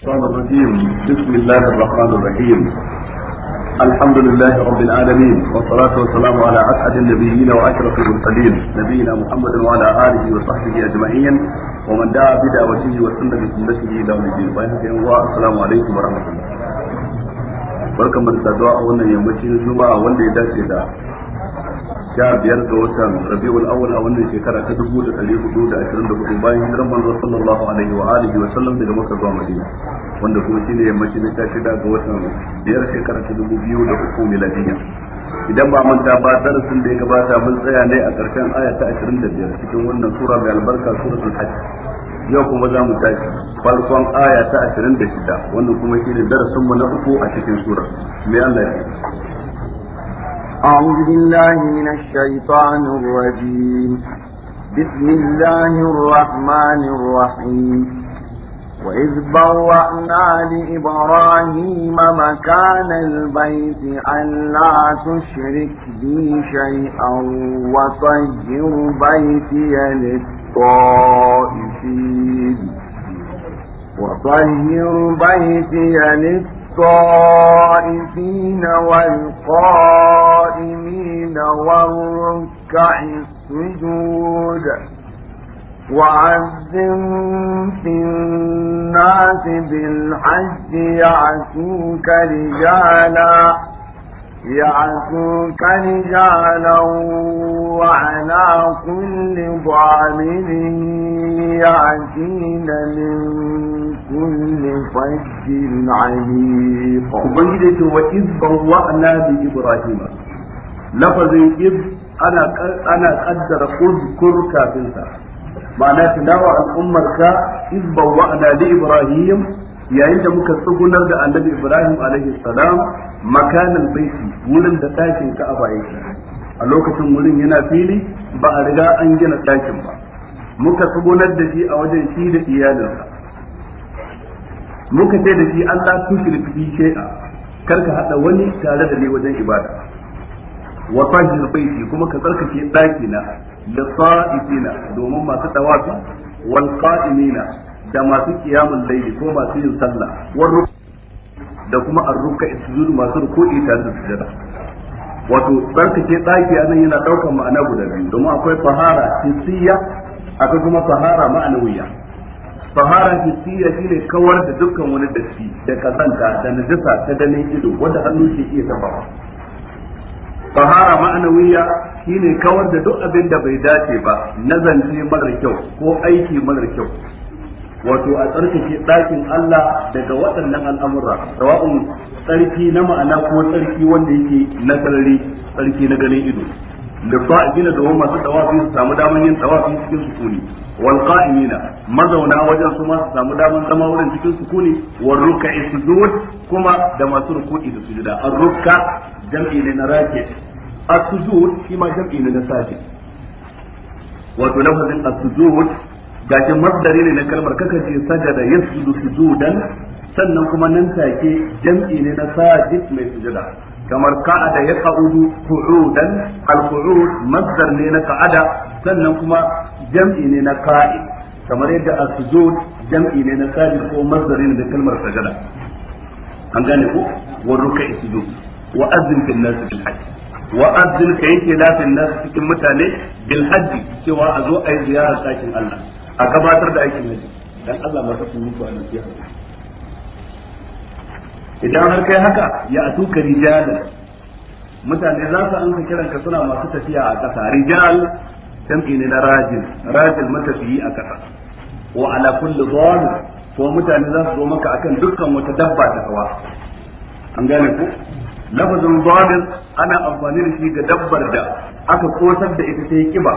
الشيطان الرجيم بسم الله الرحمن الرحيم الحمد لله رب العالمين والصلاة والسلام على أسعد النبيين وأشرف المرسلين نبينا محمد وعلى آله وصحبه أجمعين ومن دعا بدعوته وسن بسنته إلى يوم الدين السلام عليكم ورحمة الله barkan mu da saduwa a wannan yammacin juma'a wanda ya dace da sha biyar ga watan rabi'ul awwal a wannan shekara ta dubu da ɗari hudu da ashirin da hudu bayan hijiran manzo sallallahu alaihi wa alihi wa sallam daga makka zuwa madina wanda kuma shine yammaci na sha shida ga watan biyar shekara ta dubu biyu da uku miladiyya idan ba manta ba darasin da ya gabata mun tsaya ne a ƙarshen aya ta ashirin da biyar cikin wannan sura mai albarka suratul hajj yau kuma za mu tashi farkon aya ta ashirin da shida wannan kuma shine darasin mu na uku a cikin sura mai Allah ya أعوذ بالله من الشيطان الرجيم بسم الله الرحمن الرحيم وإذ بوأنا لإبراهيم مكان البيت ألا تشرك بي شيئا وطهر بيتي للطائفين وطهر بيتي للطائفين الطائفين والقائمين والركع السجود وعز في الناس بالحج يعسوك رجالا يعزوك رجالا وعلى كل ضامن يعزين من كل فج عميق وبيدة وإذ بوأنا بإبراهيم لفظ إذ أنا أنا أقدر أذكر كافنتا معناه تناوى الأمة إذ بوأنا لإبراهيم yayin da muka tsugunar da annabi Ibrahim alaihi salam makanan baiti wurin da ɗakin Ka'aba yake a lokacin wurin yana fili ba a riga an gina ɗakin ba muka tsugunar da shi a wajen shi da iyalinsa muka ce da shi Allah tushrik bi kar karka hada wani tare da ni wajen ibada wa tahir baiti kuma ka tsarkake ɗakina da sa'ifina domin masu tawafi wal qa'imina da masu kiyamun laili ko masu yin sallah war da kuma arruka isujud masu ruku'i tare da sujada wato tsarkake tsaki nan yana ɗaukar ma'ana guda biyu domin akwai fahara hissiyya akwai kuma fahara ma'anawiyya fahara shi shine kawar da dukkan wani datti da kazanta da najasa ta ganin ido wanda hannu ke iya tabawa fahara shi shine kawar da duk abin da bai dace ba na zance marar kyau ko aiki marar kyau wato a tsarkake ɗakin Allah daga waɗannan al'amura rawa’un tsarki na ma'ana ko tsarki wanda yake na sarari tsarki na ganin ido da fa'ina da masu tawafi su samu damar yin tawafi cikin sukuni wal qa'imina mazauna wajen su ma su samu damar zama wurin cikin sukuni wal ruk'i sujud kuma da masu ruku'i da sujuda ar ruk'a jam'i ne na rake as sujud shi ma jam'i ne na sajid wato lafazin as sujud gashi masdari ne na kalmar kakan ce sajada yasjudu sujudan sannan kuma nan take jam'i ne na sajid mai sujada kamar ka'ada ya ka'udu qu'udan al-qu'ud masdar ne na ka'ada sannan kuma jam'i ne na qa'id kamar yadda as-sujud jam'i ne na sajid ko masdari ne da kalmar sajada an gane ku, wa ruk'i sujud wa azim fil nas bil hajj wa azim kai ke lafin nas cikin mutane bil hajj cewa a zo a yi ziyara sakin Allah a gabatar da aikin haji dan Allah ma kasu mutu a nasiha idan har kai haka ya atuka rijal. mutane za su an kiran ka suna masu tafiya a ƙasa rijal jam'i ne na Rajin rajil matafiyi a ƙasa wa ala kulli dhalim ko mutane za su zo maka akan dukkan wata dabba ta hawa an gane ku lafazin dhalim ana amfani da shi ga dabbar da aka kosar da ita ta yi kiba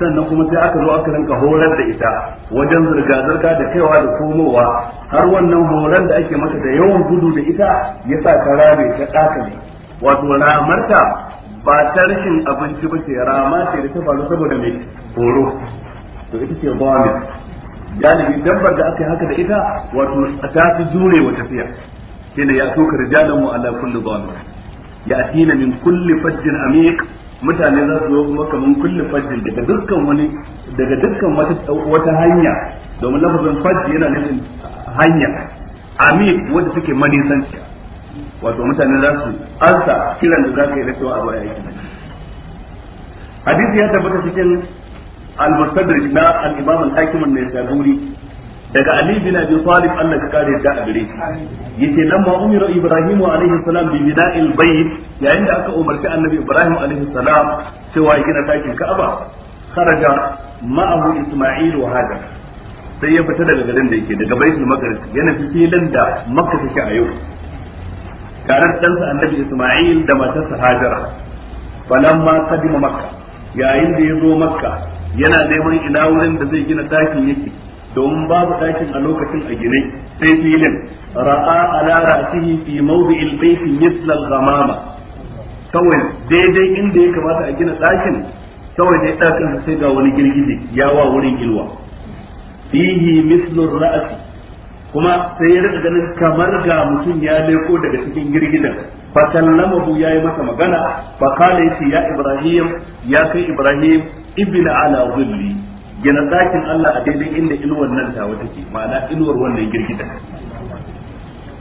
sannan kuma sai aka zo aka rinka horar da ita wajen zirga-zirga da kaiwa da komowa har wannan horar da ake mata da yawan gudu da ita ya sa ta rame ta ne wato ramarta ba ta rashin abinci ba ce rama ce da ta faru saboda mai horo to ita ce bawamin galibi dabbar da aka yi haka da ita wato ta fi jure wa tafiya shine ya tuka rijalan mu ala kulli bawamin ya'tina min kulli fajjin amiq mutane za su zo kuma kaman kullu fajjin daga dukkan wani daga dukkan wata wata hanya domin lafazin fajji yana nufin hanya amin wanda suke manisanci wato mutane za su ansa kiran da za ka yi na cewa abu yaki. hadisi ya tabbata cikin al-mustadrak na al-imam al-hakim an-nisaburi daga Ali bin Abi Talib Allah ka kare da a gare yace nan ma umiru Ibrahim alaihi salam bi bina'il bayt yayin da aka umarci Annabi Ibrahim alaihi salam cewa ya gina dakin Ka'aba kharaja ma'ahu Isma'il wa Hajar sai ya fita daga garin da yake daga Baitul Maqdis yana filin da Makka take a yau tare da ɗansa Annabi Isma'il da matarsa Hajara falamma qadima Makka yayin da ya zo Makka yana neman ina wurin da zai gina dakin yake domin babu ɗakin a lokacin a gine sai filin ra'a ala ra'sihi fi mawdi'il bayt mithla al-ghamama kawai daidai inda ya kamata a gina ɗakin kawai dai ɗakin sai ga wani girgije ya wa wurin ilwa fihi mithlu ra'si kuma sai ya rika ganin kamar ga mutum ya leko daga cikin girgidan fa ya yayi masa magana fa qala ya ibrahim ya kai ibrahim ibn ala dhilli gina zakin Allah a daidai inda inuwar nan tawa take ma'ana inuwar wannan girgida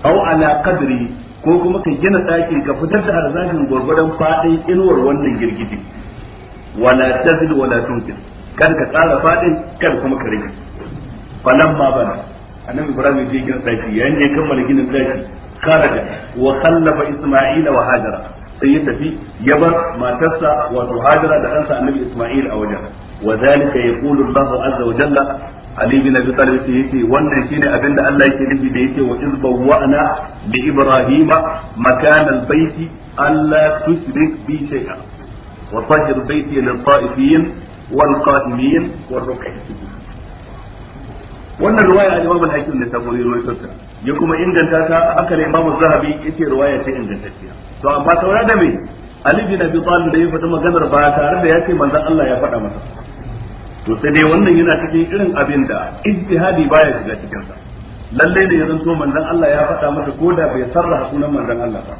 au ala qadri ko kuma ka gina ɗaki ka fitar da arzakin gwargwadon faɗin inuwar wannan girgidi wala tazid wala tunqid kar ka tsara fadin kar kuma ka rage falan ma bana annabi ibrahim ya gina ɗaki yayin da ya kammala gina ɗaki kharaja wa khallafa isma'ila wa hajara sai ya tafi ya bar matarsa wa hajara da ɗansa annabi isma'il a wajen wa zalika yaqulu Allahu azza jalla Ali bin Abi Talib sai yace wannan shine abin da Allah yake nufi da yake wa izba wa'ana bi Ibrahima makan al-baiti bi wal wannan riwaya Imam al-Hakim ne sabon riwayar ta ya kuma inganta ta aka ne Imam Zahabi yace riwaya ce ingantacciya to amma saura da me Ali bin Abi Talib da ya faɗi maganar ba tare da ya ce manzon Allah ya faɗa masa to sai dai wannan yana cikin irin abin da ijtihadi baya shiga cikin sa lalle da yanzu to manzon Allah ya faɗa masa ko da bai sarraha sunan manzon Allah ba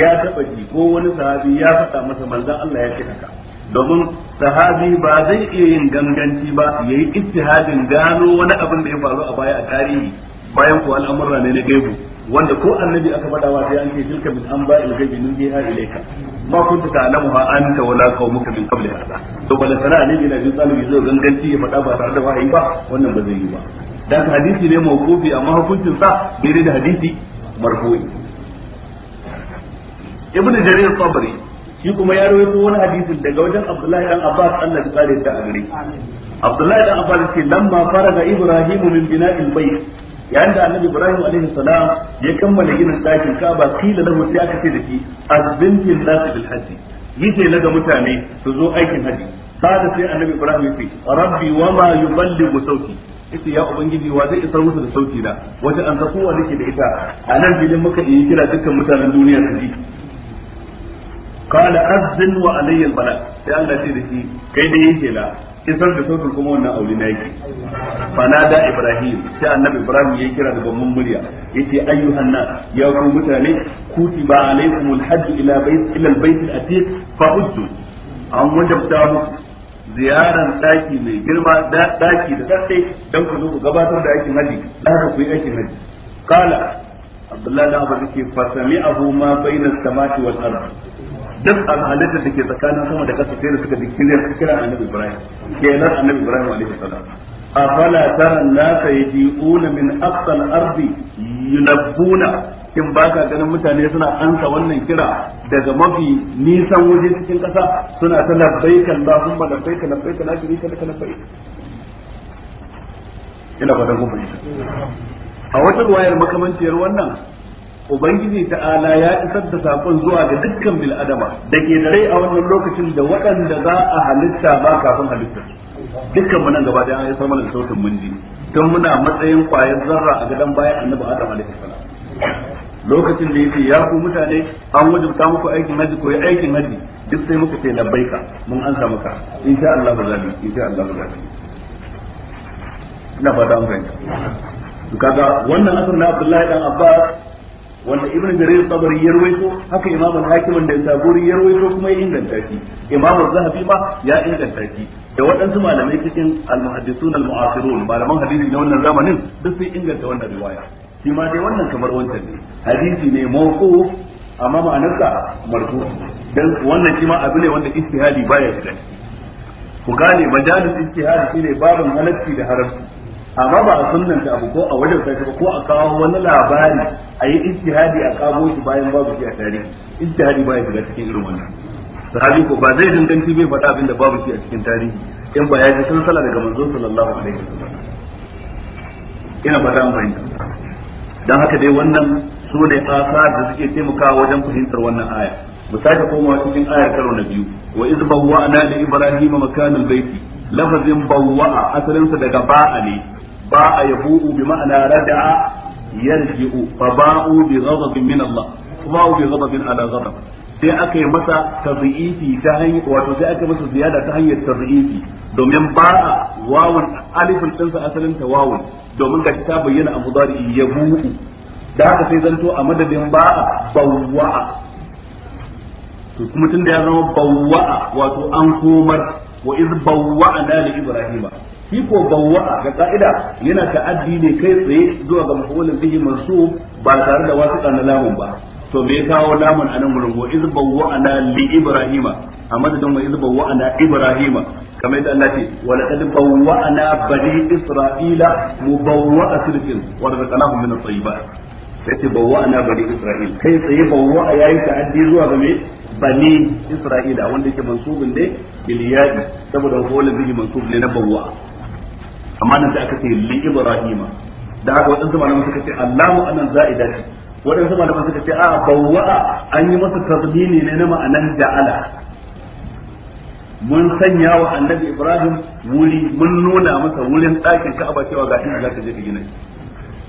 ya taba ji ko wani sahabi ya faɗa masa manzon Allah ya ce haka domin sahabi ba zai iya yin ganganci ba yayi ijtihadin gano wani abin da ya faru a baya a tarihi bayan ko al'amurra ne na gaibu wanda ko annabi aka faɗa wa sai an ce tilka min an ba il gaibi nun ilayka ma kuntu kunta ta'lamuha anta wala qaumuka min qabli hada to bala sana ne yana jin tsalu yazo ganganci ya faɗa ba tare da wahayi ba wannan ba zai yi ba dan hadisi ne mawqufi amma hukuncin sa daidai da hadisi marfu'i ibnu jarir tabari shi kuma ya rawaito wani hadisin daga wajen abdullahi dan abbas Allah ya tsare ta a gare abdullahi dan abbas ce lamma faraga ibrahimu min bina'il bayt yayin da annabi ibrahim alaihi salam ya kammala ginin dakin ka'aba kila lahu sai aka ce da shi azbintin nas bil hajj yace na ga mutane su zo aikin haji sada sai annabi ibrahim yace rabbi wama yuballighu sauti yace ya ubangiji wa zai isar musu da sauti na wata an zakuwa nake da ita a nan ginin muka yi kira dukkan mutanen duniya su ji قال أذن وعلي البلاء sai Allah ce da shi kai da yake la isar da sautin kuma wannan aure na yake fanada ibrahim sai annabi ibrahim ya kira da babban murya yace ayyuhan nas ya ku mutane ba alaikumul hajj ila bayt ila albayt alatiq fa uddu an wajabta muku ziyarar daki mai girma daki da tsatsi dan ku zo ku gabatar da aikin haji dan ku yi aikin haji Kala. abdullahi da abu yake fa sami'ahu ma bayna samai wal ardi duk a da ke tsakanin sama da ƙasa sai da suka dikirin kira annabi Ibrahim kenan annabi Ibrahim alaihi salam afala tara nasa yaji'una min aqsal ardi yunabbuna kin baka ganin mutane suna ansa wannan kira daga mafi nisan waje cikin ƙasa suna ta labbaika Allahumma labbaika labbaika la sharika laka labbaik ina fatan kun fahimta a wata ruwayar makamanciyar wannan ubangiji ala ya isar da sakon zuwa ga dukkan bil adama da ke da rai a wannan lokacin da waɗanda za a halitta ba kafin halitta dukkan mu nan gaba da an yi sama da sautin mundi don muna matsayin kwayar zarra a gadon bayan annabi adam alaihi salam lokacin da yake ya ku mutane an wajibta muku aikin haji ko aikin haji duk sai muka ce labbaika mun an samu ka insha Allah ba zabi insha Allah ba zabi ina fata an ga kaga wannan asarin na Abdullahi dan Abbas wanda ibn jarir tabari ya rawaito haka imam al-hakim da saburi ya rawaito kuma ya inganta shi imam az-zahabi ma ya inganta shi da waɗansu malamai cikin al-muhaddisun al-mu'asirun malaman hadisi na wannan zamanin duk sun inganta wannan riwaya shi ma dai wannan kamar wancan ne hadisi ne mawqu amma ma'anarsa marfu dan wannan shi ma abu ne wanda ijtihadi baya shiga ku gane majalis ijtihadi shine babin halacci da haramci amma ba a sunnan abu ko a wajen sai ko a kawo wani labari a yi ijtihadi a kawo shi bayan babu shi a tarihi ijtihadi ba ya shiga cikin irin wannan sahabi ko ba zai danganci bai faɗa abin da babu shi a cikin tarihi in ba ya ji sala daga manzo sallallahu alaihi wasallam ina ba dan fahimta dan haka dai wannan su ne kasa da suke taimakawa wajen fahimtar wannan aya mu sake komawa cikin ayar karo na biyu wa iz bawwa'na li ibrahima makanal baiti lafazin bawwa'a asalinsa daga ba'a ne باء يبوء بمعنى ردع يرجع فباءوا بغضب من الله فباءوا بغضب على غضب sai aka yi masa tabi'ifi ta hanyar wato sai aka masa ziyada ta hanyar tabi'ifi domin ba'a wawun alifin ɗinsa asalin ta wawun domin ga ta bayyana a mudari ya buɗe da haka sai zanto a madadin ba'a bawwa'a to kuma tunda ya zama bawwa'a wato an komar wa iz bawwa'na li ibrahima shi ko bawwa ga ka'ida yana ta'addi ne kai tsaye zuwa ga mafulin bihi mansub ba tare da wasu na lamun ba to me ya kawo lamun anan gurin wa iz bawwa ana li ibrahima a madadin wa iz bawwa ana ibrahima kamar yadda Allah ce wa laqad bawwa ana bani isra'ila mubawwa'a sirfin wa razaqnahum min at-tayyibat yace bawwa ana bani Isra'ila. kai tsaye bawwa yayi ta'addi zuwa ga me bani isra'ila wanda yake mansubin ne bil yadi saboda qawlin bihi mansub ne na bawwa amma nan sai aka ce li ibrahima da aka wadansu malaman suka ce allamu anan za'ida ce wadansu malaman suka ce a bawwa an yi masa tadmini ne na ma'anan da'ala mun sanya wa annabi ibrahim wuri mun nuna masa wurin ɗakin ka'aba cewa ga inda zaka je ka gina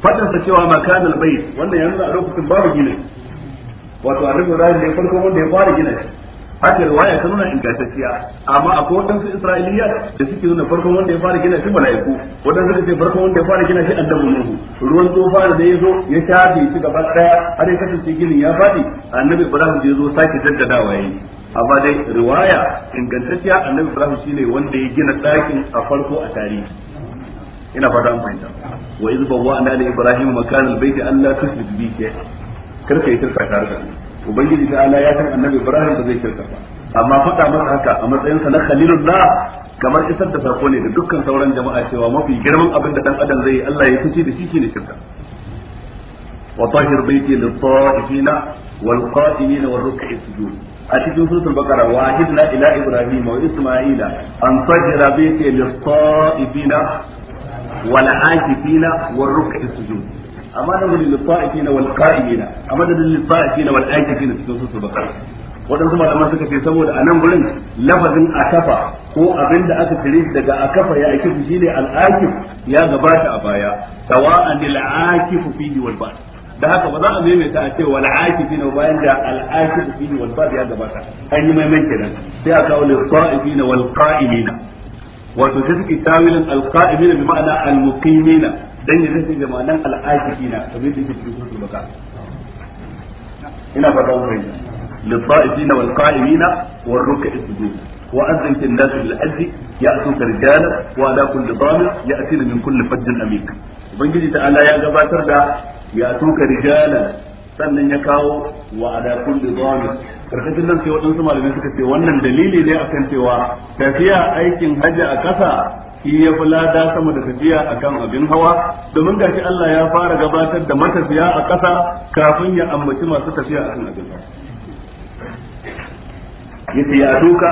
fadin sa cewa makan albayt wannan yanzu a lokacin babu gina wato annabi ibrahim ne farko wanda ya fara gina shi haka riwaya ta nuna ingantacciya amma akwai waɗansu isra'iliya da suke nuna farkon wanda ya fara gina shi mala'iku waɗansu suke farkon wanda ya fara gina shi annabi nuhu ruwan tsofa da ya zo ya shafe shi gaba ɗaya har ya kasance ginin ya faɗi annabi ibrahim da ya zo sake jaddadawa yayi amma dai riwaya ingantacciya annabi ibrahim shine wanda ya gina ɗakin a farko a tarihi ina fata an fahimta wa iz bawwa'na li ibrahim makan al-bayt an la tushrik bi shay'a karka yi tarka tare da ubangiji ta ala ya san annabi ibrahim ba zai shirka ba amma faɗa masa haka a matsayin sa na khalilullah kamar isar da farko ne da dukkan sauran jama'a cewa mafi girman abin da dan adam zai yi Allah ya fice da shi shine shirka wa tahir baiti lil ta'ifina wal qa'imina wal ruk'i sujud a cikin suratul baqara wahidna hidna ila ibrahim wa isma'ila an tahira baiti lil ta'ifina wal 'akifina wal ruk'i sujud amma da dalil lissa'ifina wal qa'imina amma da dalil lissa'ifina wal aikifina cikin su bakar waɗansu malaman suka ce saboda a nan gurin lafazin akafa ko abinda aka cire daga akafa ya aikifu shine al'akif ya gabata a baya sawa'an al'akifu fihi wal ba'd da haka ba za a maimaita a ce wal akifina bayan da al akifu fihi wal ba'd ya gabata an yi maimaita kenan sai a kawo lil qa'imina wal qa'imina wato sai suke tawilin al qa'imina bi ma'ana al muqimina dan ya zai da ma'anan al'aiki na kamar yadda yake cikin suratul baqara ina ba da wani للطائفين والقائمين والركع السجود وأذن في الناس بالحج يأتوك رجالا وعلى كل ضامر يأتين من كل فج أميك ubangiji ta Allah ya gabatar da ya tuka rijalan sannan ya kawo wa ala kulli dhamin karkashin nan sai waɗansu malamai suka ce wannan dalili ne akan cewa tafiya aikin hajji a ƙasa shi ya fi lada sama da tafiya akan abin hawa domin gashi Allah ya fara gabatar da matafiya a ƙasa kafin ya ambaci masu tafiya akan abin hawa yace ya duka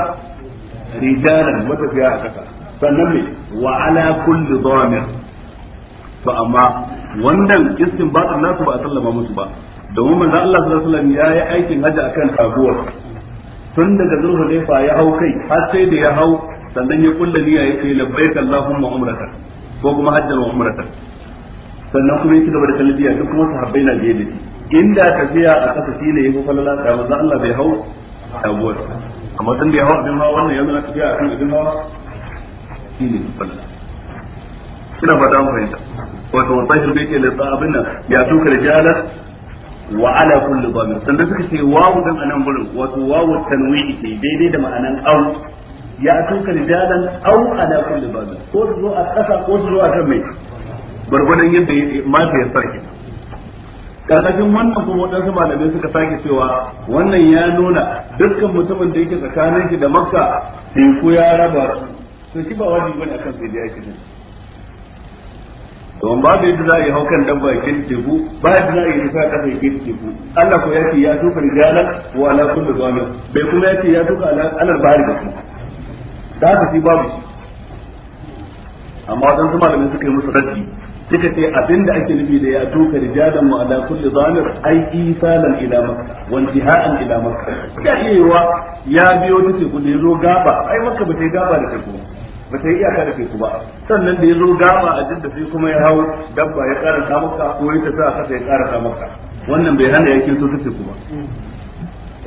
rijalan matafiya a ƙasa sannan me wa ala kulli dhamir ba amma wannan ba istinbatin nasu ba a sallama musu ba domin manzo Allah sallallahu alaihi wasallam ya yi aikin haji akan taguwar tun daga zurfa ya hau kai har sai da ya hau sannan ya kulla niyya ya ce labbaik allahumma umrata ko kuma hajjal wa umrata sannan kuma yake gaba da talbiya duk kuma sahabbai na biye da shi inda tafiya a kasa shi ne ya fi falala da manzo Allah bai hau tabuwar amma dan bai ya hau abin hawa wannan yanzu na tafiya a kan abin hawa shi ne falala ina fata mun fahimta wato wannan bai ce da sabbin nan ya tuka rijalar wa ala kulli dhamir sannan suka ce wawu dan anan gurin wato wawu tanwi'i daidai da ma'anan au ya tuka rijalan aw ala kulli babin ko su zo a kasa ko su zo a kan mai gwargwadon yadda mata ya sarki karkashin wannan kuma waɗansu malamai suka sake cewa wannan ya nuna dukkan mutumin da yake tsakanin shi da makka teku ya raba su to shi ba wajibi bane akan sai da yake din to ba da yadda za a yi haukan dabba ya kin teku ba yadda za a yi sa kasa ya kin teku Allah ko ya ce ya tuka rijalan wa ala kulli zamin bai kuma ya ce ya tuka ala alal bari ba da haka shi babu shi amma waɗansu malamin suka yi musu raddi suka ce abinda ake nufi da ya tuka rijalan mu ala kulli zalim ai isalan ila makka wan jiha'an ila makka Ya iya ya biyo ta ku da ya zo gaba ai makka ba ta yi gaba da teku ba ta yi iyaka da teku ba sannan da ya zo gaba a jidda sai kuma ya hau dabba ya karanta maka ko ya tafi a kasa ya karanta maka wannan bai hana ya so ta teku ba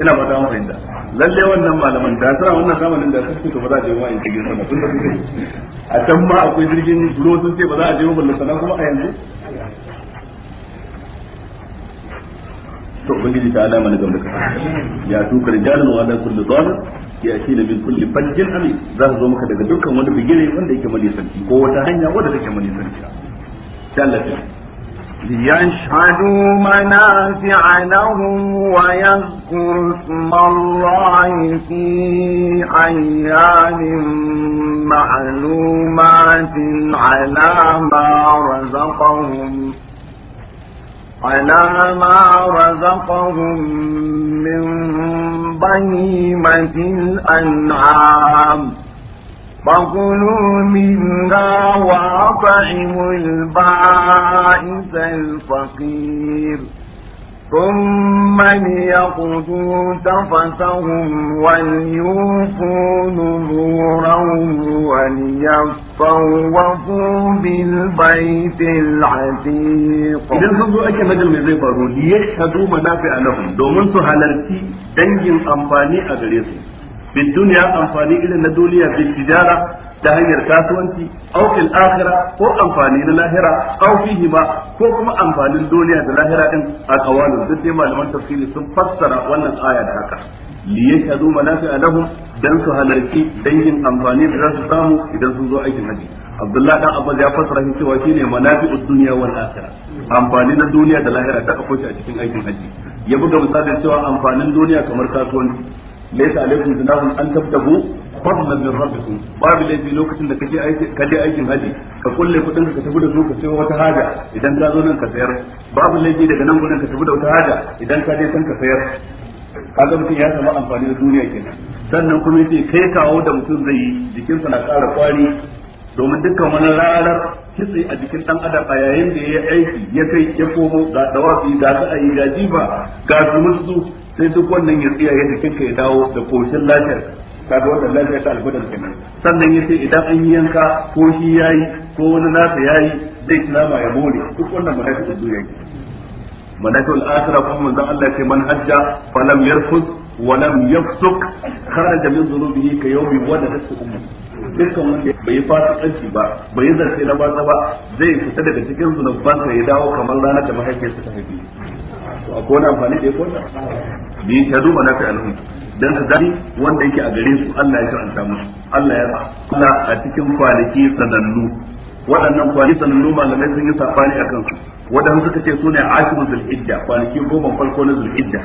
ina ba ta mafi inda lalle wannan malaman da tsara wannan zamanin da suke to ba za a je ma in jirgin sama tun da suke a can ma akwai jirgin ruwa sun ce ba za a je ma ballan sana kuma a yanzu to ubangiji ta alama ne gamda kasa ya tuka rijalan wa da kullu zalim ya shi bin kulli fajjin amin za su zo maka daga dukkan wani bigire wanda yake sarki ko wata hanya wanda take malisanci Allah ta. ليشهدوا منافع لهم ويذكروا اسم الله في أيام معلومات على ما رزقهم على ما رزقهم من بهيمة الأنعام فكلوا منها وأطعموا البائس الفقير ثم ليقضوا تفسهم وليوفوا نذورهم وليطوفوا بالبيت العتيق إذا نظروا أكي نجل من ذي ليشهدوا منافع لهم دومن سهلالتي دنجن أمباني أغريسي bid dunya amfani irin na duniya bil tijara ta hanyar kasuwanci au akira ko amfani na lahira au hima ko kuma amfanin duniya da lahira din a kawalin da sai malaman tafsiri sun fassara wannan aya da haka li yashhadu manafi'a lahum dan su halarci dangin amfani da za su samu idan sun zo aikin haji abdullahi dan abbas ya fassara shi cewa shine manafi'ud dunya wal akhirah amfani na duniya da lahira ta akwai shi a cikin aikin aji. ya buga misalin cewa amfanin duniya kamar kasuwanci laysa alaikum junahun an tabtahu fadlan min rabbikum babu laifi lokacin da kake aiki kaje aikin haji ka kulle kudin ka tafi da su ka sayo wata haja idan ka zo nan ka sayar babu laifi daga nan gurin ka tafi da wata haja idan ka je san ka sayar kaga mutum ya samu amfani da duniya kenan sannan kuma yace kai kawo da mutum zai yi jikinsa na ƙara kwari domin dukkan wani ranar kitse a jikin dan adam a yayin da ya aiki ya kai ya komo ga dawafi ga sa'ayi ga jiba ga zumuzu sai duk wannan ya tsaya jikin ka ya dawo da koshin lafiyar ga wannan lafiyar ta albadar kenan sannan ya ce idan an yi yanka ko shi yayi ko wani nasa yayi zai ci nama ya more duk wannan malaikatu zuwa yake malaikatu al-akhirah kuma zan Allah ya ce man hajja falam yarfus kharaja min dhunubihi ka yawmi wada ولدته امه dukkan wanda bai fasikanci ba bai zarce na banza ba zai fita daga cikin zunubansa ya dawo kamar ranar da mahaifiyarsa ta haife A na amfani da ya kota bi ta duba na fi alhum dan da dani wanda yake a gare su Allah ya karanta musu Allah ya Allah a cikin kwanaki sanannu waɗannan kwanaki sanannu malamai sun yi safani akan su wadannan suka ce sune ashiru zulhijja kwanaki goma farko na zulhijja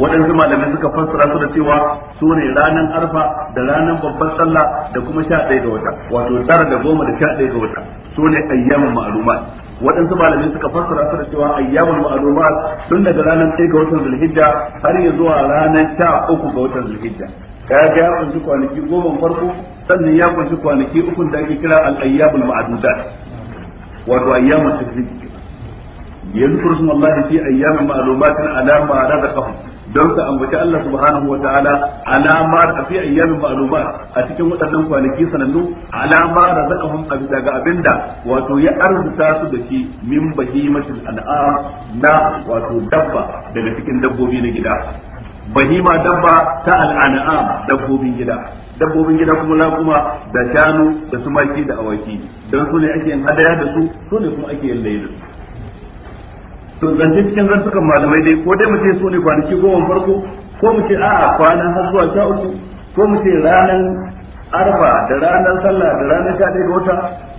waɗansu malamai suka fassara su da cewa su ne ranar arfa da ranar babbar sallah da kuma sha ɗaya ga wata wato tara da goma da sha ɗaya ga wata su ne ayyamin ma'aluma waɗansu malamai suka fassara su da cewa ayyamul ma'lumat tun daga ranar 1 ga watan zulhijja har ya zuwa ranar 13 ga watan zulhijja kaga ya kunshi kwanaki goma farko sannan ya kunshi kwanaki uku da ake kira al-ayyamul ma'dudat wato ayyamul tashrik yanzu kursun Allah fi ayyamin ma'lumatin ala ma razaqahum don ka ambaci Allah subhanahu wataala da fi ayyamin ma'lumat a cikin waɗannan kwanaki sanannu alama razaqahum daga abinda wato ya arzuta su da shi min bahimatil an'am na wato dabba daga cikin dabbobi na gida bahima dabba ta al'an'am dabbobin gida dabbobin gida kuma la kuma da shanu da sumaki da awaki don su ne ake yin hadaya da su sune kuma ake yin layi to zance cikin zartukan malamai dai ko dai mu ce ne kwanaki goma farko ko mu ce a'a kwana har zuwa sha uku ko mu ranar arba da ranar sallah da ranar sha ɗaya ga wata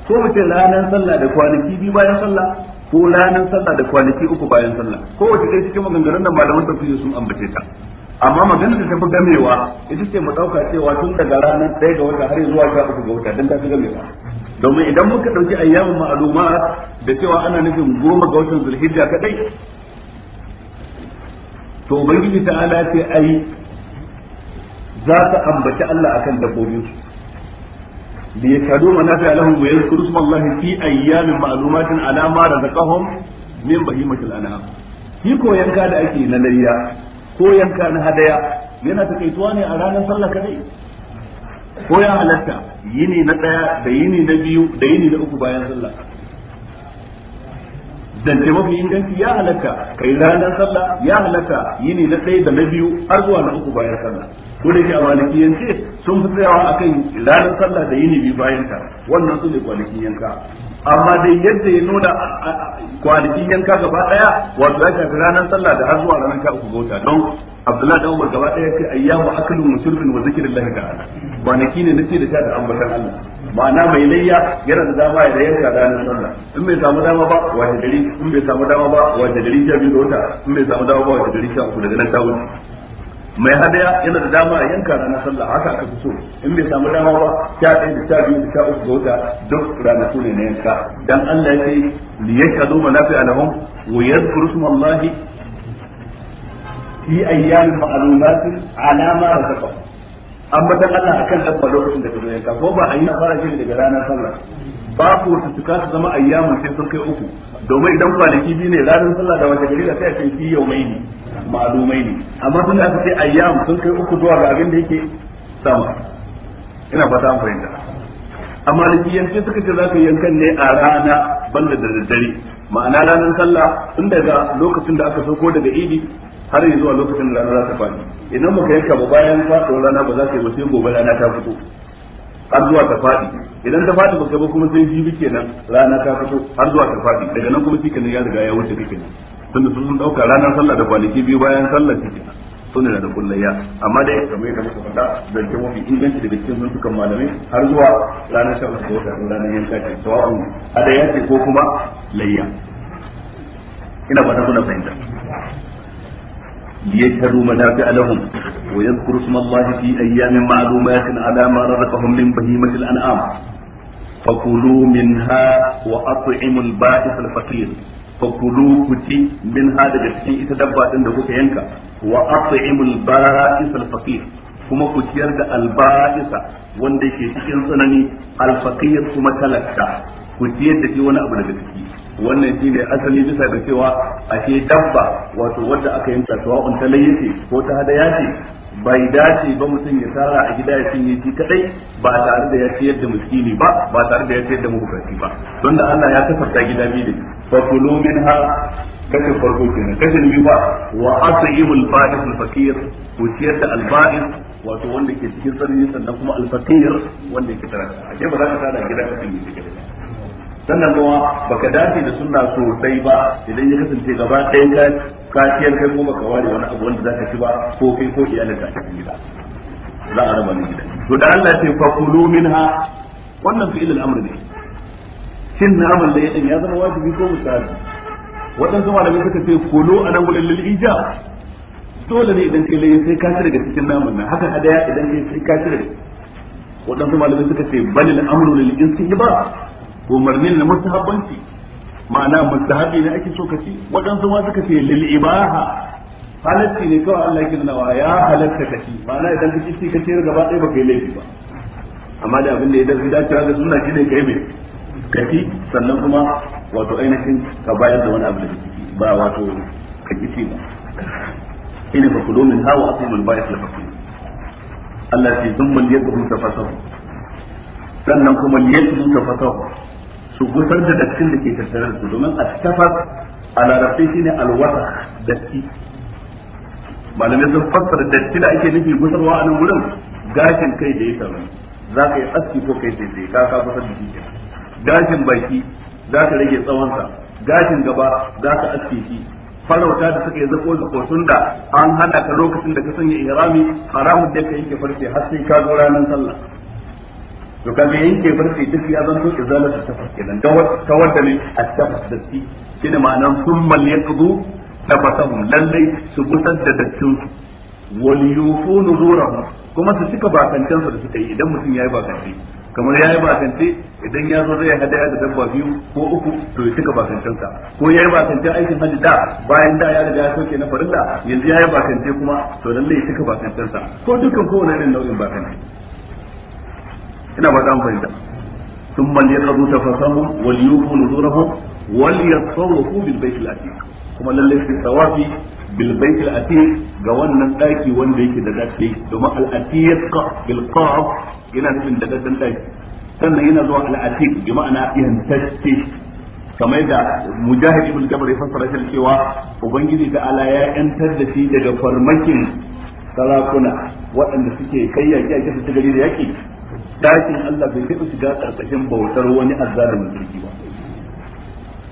ko mu ranar sallah da kwanaki biyu bayan sallah ko ranar sallah da kwanaki uku bayan sallah ko wace ɗaya cikin maganganun da malaman fiye sun ambace ta amma magana da tafi gamewa ita ce mu ɗauka cewa tun daga ranar ɗaya ga wata har zuwa sha uku ga wata don ta fi gamewa domin idan muka ɗauki ayyamin ma'luma da cewa ana nufin goma ga watan zulhijja kadai to ubangiji ta'ala ce ai za ta ambaci Allah akan dabbobin su bi yakadu manafi lahum wa yadhkuru isma Allah fi ayyamin ma'lumatin ala ma razaqahum min bahimatil an'am shi ko yanka da ake na layya ko yanka na hadaya yana takaituwa ne a ranar sallah kadai ko ya halatta yini na daya da yini na biyu da yini na uku bayan sallah zance mafi inganci ya halaka kai ranar sallah ya halaka yini na ɗaya da na biyu har zuwa na uku bayan sallah ko da yake a malikiyance sun fi tsayawa akan ranar sallah da yini biyu bayan ta wannan su ne kwanakin yanka amma dai yadda ya nuna kwanakin yanka gaba daya wato ya shafi ranar sallah da har zuwa ranar ka uku bauta don Abdullahi dan Umar gaba daya kai ayyamu akalu musirrin wa lahi ta'ala kwanaki ne nace da ta da ambatan Allah ma'ana mai layya yana da dama ya yanka ranar sallah in bai samu dama ba wace dari in bai samu dama ba wace gari sha bi da wata in bai samu dama ba wace gari sha ku daga nan ta wuce mai hadaya yana da dama a yanka ranar sallah haka aka fi so in bai samu dama ba sha ɗaya da sha biyu da sha uku ga wata duk ranaku ne na yanka dan Allah ya ce li yashhadu manafi'a lahum wa yadhkuru smallahi fi ayyamin ma'lumatin ala ma razaqa amma dan Allah akan dafa lokacin da ka yanka ko ba a yi na fara shi daga ranar sallah babu wata tuka su zama ayyamin sai sun kai uku domin idan kwanaki biyu ne ranar sallah da wata gari da sai a ce fi yau mai ne ma'alumai ne amma sun aka sai ayyam sun kai uku zuwa ga abin da yake sama ina fata an fahimta amma likiyance suka ce za ka yankan ne a rana banda da daddare ma'ana ranar sallah tun daga lokacin da aka sauko daga idi har yanzu a lokacin da rana za ta fadi idan muka yanka ba bayan faɗo rana ba za ka yi ba sai gobe rana ta fito har zuwa ta fadi idan ta fadi baka ba kuma sai jibi kenan rana ta fito har zuwa ta fadi daga nan kuma shi kenan ya riga ya wuce kenan tunda sun dauka ranar sallah da kwanaki biyu bayan sallah Sun suna da kullayya amma dai kamar yadda muka faɗa zance mafi inganci daga cikin suntukan malamai har zuwa ranar shan wasu wata ranar yanka ce sawa'un adaya ce ko kuma layya ina ba ta kuna fahimta ليشهدوا منافع لهم ويذكروا اسم الله في أيام معلومات على ما رزقهم من بهيمة الأنعام فكلوا منها البائس الفقير fa kulu ku ci min ha daga cikin ita dabba din da kuka yanka wa at'imul ba'is al faqir kuma ku ciyar da al ba'isa wanda ke cikin tsanani al faqir kuma talaka ku ciyar da shi wani abu daga ciki wannan shi ne asali bisa da cewa ake dabba wato wanda aka yanka sawa'un ta layyace ko ta hadaya ce bai dace ba mutum ya tara a gida ya cinye shi kadai ba tare da ya ciyar da miskini ba ba tare da ya ciyar da mabukaci ba don da Allah ya kafarta gida biyu ne fa kulu minha kashin farko kenan kashin biyu ba wa asimul ba'is al fakir ku ciyar da al ba'is wato wanda ke cikin sarari sannan kuma al fakir wanda yake tara a ba za ka tara gida ka cinye shi kadai sannan kuma baka dace da sunna sosai ba idan ya kasance gaba ɗayan ka kafiyar kai kuma ka ware wani abu wanda zaka ci ba ko kai ko iyalin ka ci gida za a raba ni gida to da Allah ya ce fa kulu minha wannan fi'il al-amr ne shin naman da yadin ya zama wajibi ko musabi waɗansu malamai suka ce kulu a nan gudun lil'ija dole ne idan kai laye sai ka ci daga cikin naman nan haka hadaya idan kai sai ka ci daga waɗansu malamai suka ce balil amru lil insi ba umarnin na mustahabbanci ma'ana mustahabi ne ake so ka ci waɗansu ma suka ce lil ibaha halatti ne kawai Allah yake nuna ya halatta ka ma'ana idan ka ci ka ci gaba ɗaya ba yi laifi ba amma da abin da ya dace dacewa da suna shi ne kai mai kafi sannan kuma wato ainihin ka bayar da wani abu da ba wato ka kici ba ina ba kudo min hawa asimul bayat la fakun Allah sai sun man yadda ta fasahu sannan kuma yadda ta fasahu su gusar da dattin da ke tattare su domin a tafas a larabci ne alwata datti malamai sun fassara datti da ake nufi gusarwa a nan wurin gashin kai da ya taru za ka yi aski ko kai sai ka ka gusar da shi gashin baki za ka rage tsawonsa gashin gaba za ka aske shi farauta da suka yi zako da kosun da an hana ka lokacin da ka sanya irami haramun da ka yanke farce har sai ka zo ranar sallah to kaga yanke barci duk ya zanto izalar ta tafas kenan ta wanda ne a tafas da shi shine ma'anar kudu yaqdu tafasahum lallai su kusa da dattin su wal yufu nuzurahum kuma su cika bakantan su da suka yi idan mutum yayi bakance kamar yayi bakance idan ya zo zai hadaya da dabba biyu ko uku to ya cika bakantan sa ko yayi bakance aikin hajji da bayan da ya riga ya soke na farilla yanzu yayi bakance kuma to lallai ya cika bakantan sa ko dukkan kowane irin nau'in bakance ina ba an fahimta ثم ليقضوا تفاصيلهم وليوفوا نذورهم وليطوفوا بالبيت العتيق kuma lalle su tawafi bil bait al atiq ga wannan daki wanda yake da daki domin al atiq bil qaf yana nufin da dadan daki sannan yana zuwa al atiq bi ma'ana yan tasti kamar da mujahid ibn jabr ya fassara shi cewa ubangiji da ala ya yantar da shi daga farmakin sarakuna waɗanda suke kai yaki a kisa gari da yaki dakin Allah bai taɓa shiga ƙarƙashin bautar wani azzalumin sarki ba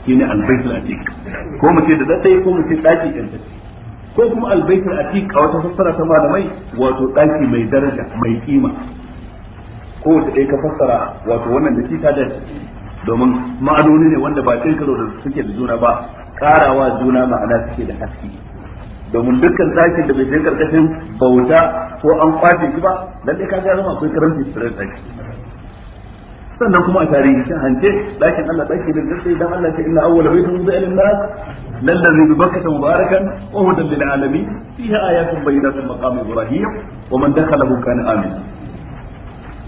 shine albaitul atiq ko mu ce da dadai ko mu ce daki kanta ko kuma albaitul atiq a wata fassara ta malamai wato daki mai daraja mai kima ko wata ɗaya ka fassara wato wannan da shi ta dace. domin ma'anoni ne wanda ba kai karo da suke da juna ba karawa juna ma'ana suke da haske domin dukkan ɗakin da bai je karkashin bauta ko an kwace shi ba lalle ka ga zama akwai karanci tsirar ɗaki sannan kuma a tarihi ta hance ɗakin Allah ɗaki da gaske dan Allah ta inna awwala baytun zai lin nas lallazi bi bakkata mubarakan wa hudan lil alamin fiha ayatun bayyinatun maqam ibrahim wa man dakhalahu kana amin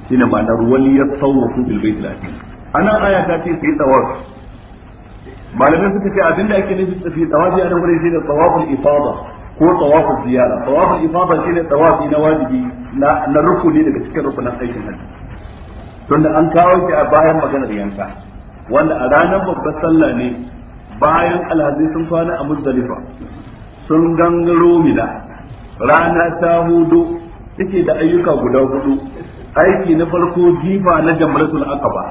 shine ma'anar waliyat tawfu bil bayt al-atiq ana aya ta ce sai tawaf malamai suka ce abinda ake nufi tafi tawafi a nan shi shine tsawafin ifada ko tsawafin ziyara tawaful ifada shine tawafi na wajibi na rukuni daga cikin rukunin aikin hajji tunda an kawo shi a bayan maganar yanka wanda a ranar babbar sallah ne bayan alhazi sun kwana a muzdalifa sun gangaro mina rana ta hudu take da ayyuka guda hudu aiki na farko jifa na jamratul aqaba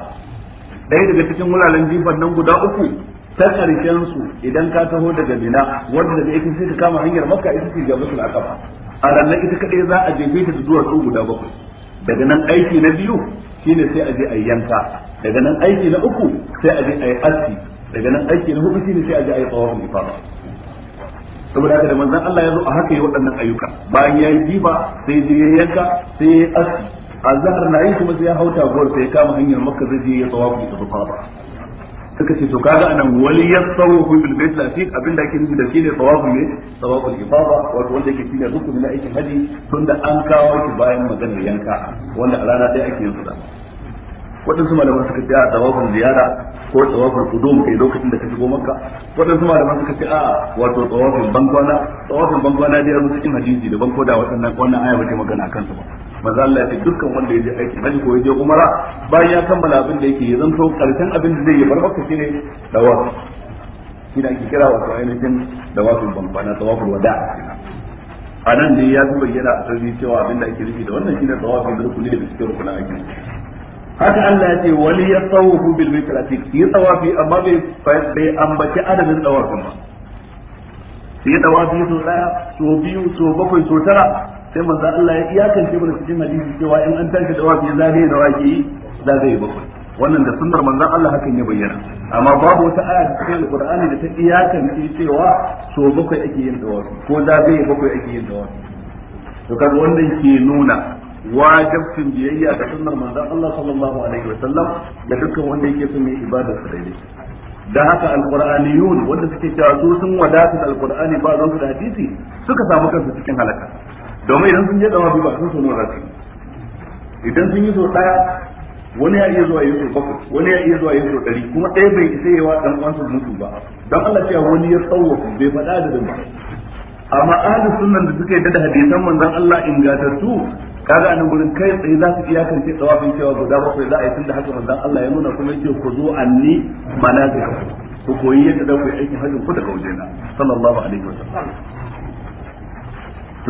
ɗaya daga cikin wuraren jifan nan guda uku ta karshen su idan ka taho daga Mina wanda daga ita sai ka kama hanyar Makka ita ce Jabatul Aqaba a ranar ita kaɗai za a jefe ta da duwatsu guda bakwai daga nan aiki na biyu shine sai a je a yanka daga nan aiki na uku sai a je a yi aski daga nan aiki na hudu shine sai a je a yi tsawon ifada saboda haka da manzon Allah ya zo a haka yi waɗannan ayyuka bayan ya yi jiba sai je ya yanka sai ya yi aski a zahar na yi kuma sai ya hauta gowar sai ya kama hanyar makka zai je ya tsawon ifada suka ce to kaga anan wali yasawu bil bait lafiq abinda yake nufi da shi ne tsawafu ne tsawaful ifada wato wanda yake shine rukuni na aikin haji tunda an kawo shi bayan maganar yanka wanda a rana ɗaya ake yin su da waɗansu malaman suka ce a tsawafin ziyara ko tsawafin kudum kai lokacin da ka shigo makka waɗansu malaman suka ce a wato tsawafin bankwana tsawafin bankwana dai a cikin hadisi da banko da waɗannan wannan aya bace ta magana kan su ba maza Allah ce dukkan wanda ya je aiki hajji ko ya je umara bayan ya kammala abin da yake ya zanto karshen abin da zai yi bar maka shine dawafi shi da ake kira wato ainihin da dawafin bambana dawafin wada a nan ne ya zuba yana a sarri cewa abin da ake nufi da wannan shine dawafin da rukuni da cikin rukunan aiki haka Allah ya ce wali ya tsawo tsawafu bil baitul atiq yi tsawafi amma bai ambaci adadin dawafin ba yi dawafi so daya so biyu so bakwai so tara sai manzo Allah ya iyakance mana cikin hadisi cewa in an tashi da wafi zagaye da waki zagaye bakwai wannan da sunnar manzo Allah hakan ya bayyana amma babu wata aya cikin Qur'ani da ta iyakance cewa so bakwai ake yin da dawafi ko zagaye bakwai ake yin dawafi to kaga wannan ke nuna wajibcin biyayya da sunnar manzo Allah sallallahu alaihi wa sallam da dukkan wanda yake son yin ibada sa daidai da haka alqur'aniyun wanda suke cewa su sun wadata da alqur'ani ba zan da hadisi suka samu kansu cikin halaka domin idan sun je dawa biyu ba sun so nawa su idan sun yi so daya wani ya iya zuwa yin so bakwai wani ya iya zuwa yin so ɗari kuma ɗaya bai isa yawa dan uwansa mutu ba don Allah cewa wani ya tsawo bai faɗa da dama amma ahlus sunan da suka yadda da hadisan manzon Allah ingantattu kaga anan gurin kai tsaye za su iya kan ce tsawafin cewa guda bakwai za a yi tunda haka manzon Allah ya nuna kuma yake ku zo anni manazika ku koyi yadda da ku aikin hajjin ku daga kaujena sallallahu alaihi wasallam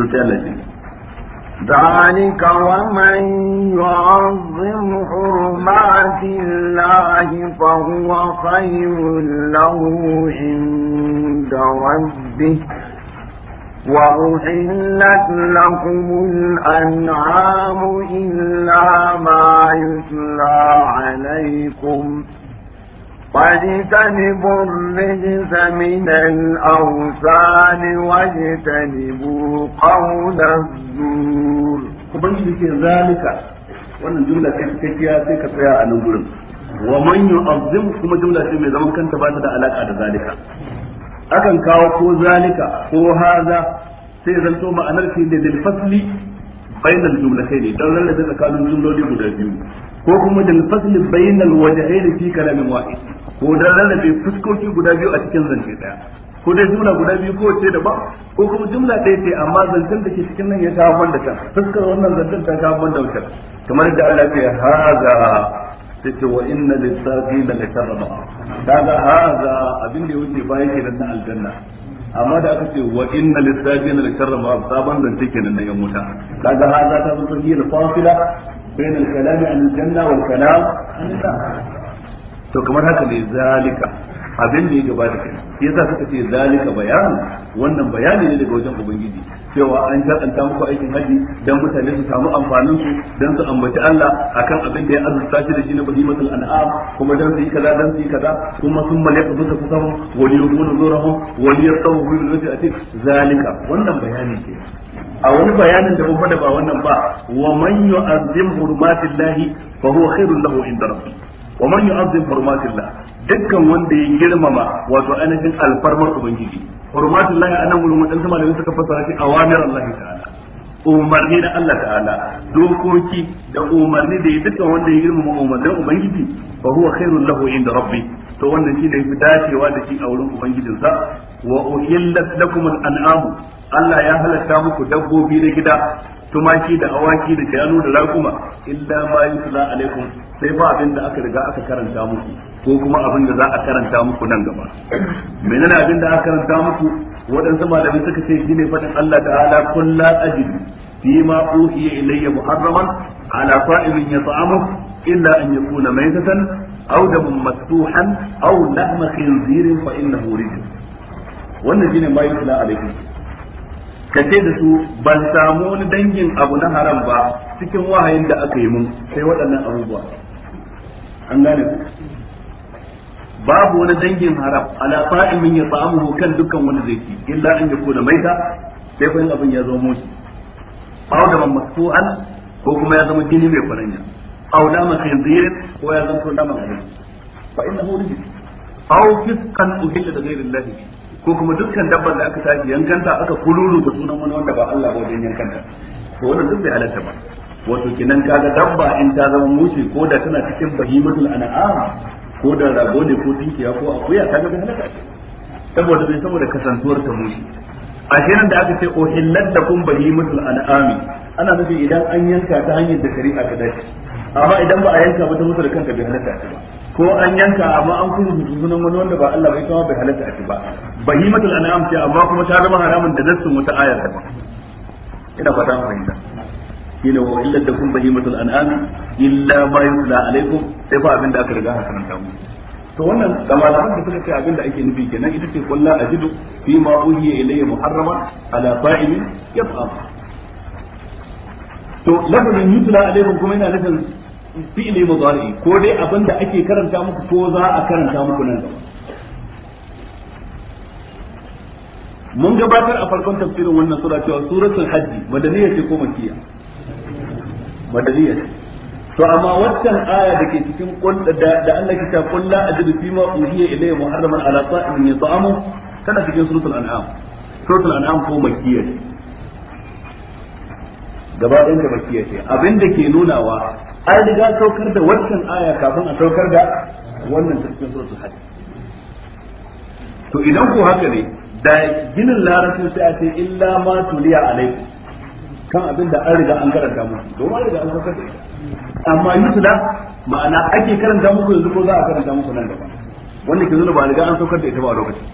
to sai Allah ya ذلك ومن يعظم حرمات الله فهو خير له عند ربه وأحلت لكم الأنعام إلا ما يتلى عليكم ۖ واجتنبوا الرجس من الأوثان واجتنبوا قول الزور Ubangiji ke zalika wannan jumla ce cikakkiya sai ka tsaya a nan gurin wa man yu'azzim kuma jumla ce mai zaman kanta ba ta da alaka da zalika akan kawo ko zalika ko haza sai zanto ma'anar shi da lil fasli bainal jumlatayn dan lallabe tsakanin jumloli جملة biyu ko kuma dal fasl bainal wajhayn fi kalamin wahid ko da lallabe fuskoki guda biyu a cikin zance daya ko dai jumla guda biyu ko ce ba, ko kuma jumla daya ce amma zancen da ke cikin nan ya ta wanda ta. fuskar wannan zancen ta ta wanda wancan kamar da Allah ce haza ce wa inna lissafi la lakar ba kaga haza abin da ya wuce baya aljanna amma da aka ce wa inna lissafi na lissafi ma sabon zance kenan na yan wuta kaga haza ta zo yin da fasila bayan al-kalami an janna wal kalam to kamar haka ne zalika abin da ya gabata kenan yasa suka ce zalika bayan wannan bayani ne daga wajen ubangiji cewa an shar'anta muku aikin haji don mutane su samu amfanin su don su ambaci Allah akan abin da ya azurta shi da shi na bahimatul an'am kuma dan su yi kaza dan su yi kaza kuma sun male ku su kusa wani ya yubunu zurahum wani ya tsawo yasawu bi lati zalika wannan bayani ke a wani bayanin da kuma da ba wannan ba wa man yu'azzim hurmatillahi fa huwa khairul lahu inda rabbih wa man yu'azzim lahi, dukkan wanda ya girmama wato ainihin alfarmar ubangiji hurmatul lahi anan gurin wadansu malamai suka fassara shi awamir Allah ta'ala umarni da Allah ta'ala dokoki da umarni da ya dukkan wanda ya girmama umarnin ubangiji fa huwa khairul lahu inda rabbi to wannan shi ne fi dacewa da shi a wurin sa wa uhillat lakum al-an'am Allah ya halatta muku dabbobi na gida tumaki da awaki da shanu da raguma illa ma yusla alaikum sai ba abin da aka riga aka karanta muku ko kuma abin da za a karanta muku nan gaba menene abin da aka karanta muku waɗansu malami suka ce shine faɗin Allah ta'ala kullu ajidu fima uhiya ilayya muharraman ala fa'imin yata'amu illa an yakuna maytatan aw damun maktuhan aw lahma khinzirin fa innahu rijs wannan shine ma yusla alaikum ka ce da su ban samu wani dangin abu na haram ba cikin wahayin da aka yi mun sai waɗannan abubuwa an gane ku babu wani dangin haram ala fa'in min ya samu kan dukkan wani zai ci illa an yako da maita sai fa abin ya zo moshi aw da man masfu'an ko kuma ya zama jini mai kwaranya aw da man khinzir ko ya zama ko da man khinzir fa innahu rijis aw kan uhilla da ghairi Allah ko kuma dukkan dabbar da aka tashi yankanta aka kururu da sunan wani wanda ba Allah ba wajen yankanta to wannan duk bai halatta ba wato kinan kaga dabba in ta zama mushi ko da tana cikin bahimatul an'am ko da rago ne ko tinkiya ko akuya kaga bai halatta saboda bai saboda kasantuwar ta mushi a nan da aka ce hillat da kun bahimatul an'am ana nufin idan an yanka ta hanyar da shari'a ta dace amma idan ba a yanka ba ta mutu da kanka bai halatta ba ko an yanka amma an kuma su sunan wani wanda ba Allah bai kawo bai halatta a ci ba bahimatul an'am ce amma kuma ta zama haramun da nassin wata ayar da ba ina fata an fahimta shine wa illa da kun bahimatul an'am illa ma yusla alaikum sai fa abin da aka riga aka karanta mu to wannan da malaman da suka ce abin da ake nufi kenan ita ce kullu ajidu fi ma uhiya ilayya muharrama ala fa'imin yaf'a to lafazin yusla alaikum kuma ina nufin fi'li mudari ko dai abin da ake karanta muku ko za a karanta muku nan mun gabatar a farkon tafsirin wannan sura cewa suratul hajji madaniya ce ko makkiya madaniya ce to amma waccan aya da ke cikin da Allah ke ta kullu ajidu fima uhiya ilayya muharraman ala sa'imin yata'amu tana cikin suratul an'am suratul an'am ko makkiya ce gaba ɗayan da makkiya ce abin da ke nunawa an riga saukar da wancan aya kafin a saukar da wannan cikin suratul hajj to idan ko haka ne da ginin larabcin sai a ce illa ma tuliya alaikum kan abin da an riga an karanta muku to ma riga an saukar da amma da ma'ana ake karanta muku yanzu ko za a karanta muku nan gaba wanda ke nuna ba riga an saukar da ita ba a lokacin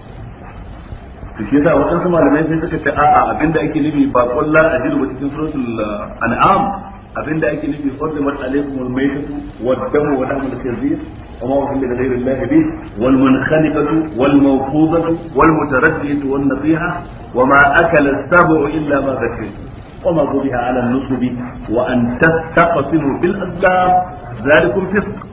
to shi yasa waɗansu malamai sai suka ce a'a abinda ake nufi ba kullar ajiru ba cikin suratul uh, an'am أبين ذلك الذي حرمت عليكم الميتة والدم ولحم الخنزير وما من غير الله به والمنخنقة والموقوذة والمتردية والنصيحة وما أكل السبع إلا ما ذكرت وما ذبح على النصب وأن تستقسموا بالأسباب ذلكم فسق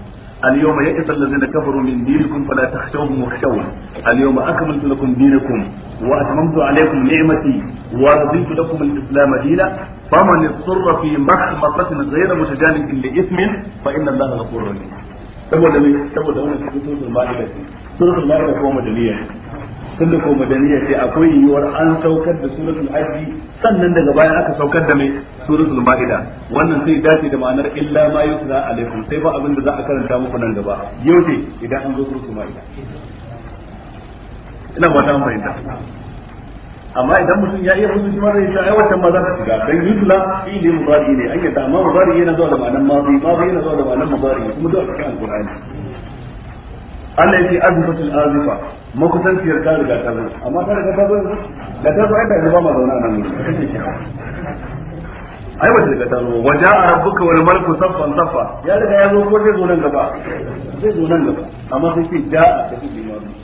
اليوم يئس الذين كفروا من دينكم فلا تخشوهم واخشون اليوم اكملت لكم دينكم واتممت عليكم نعمتي ورضيت لكم الاسلام دينا faman yusra fi makhmasatin ghayra mutajanifin li ismin fa inna allaha ghafurur rahim saboda me saboda wannan suratul ma'idah suratul ma'idah ko madaniyya tunda ko madaniyya sai akwai yiwuwar an saukar da suratul hajji sannan daga baya aka saukar da mai suratul maida wannan sai dace da ma'anar illa ma yusra alaikum sai ba abin da za a karanta muku nan gaba yau idan an zo suratul maida ina ba ta fahimta amma idan mutum ya iya musu mara ma zai ai wata ma za ta shiga dan yutla fi ne ne an yadda amma yana zuwa da ma'anar mazi mazi yana zuwa da ma'anar kuma zuwa cikin alqur'ani Allah ya ce azifa makusanciyar ta riga ta zo amma ta riga ta zo da ta zo ai da ba ma zauna nan ai ba daga ta zo waja rabbuka wal malaku saffan saffa ya riga ya zo ko zai zo nan gaba zai zo nan gaba amma sai ce da ta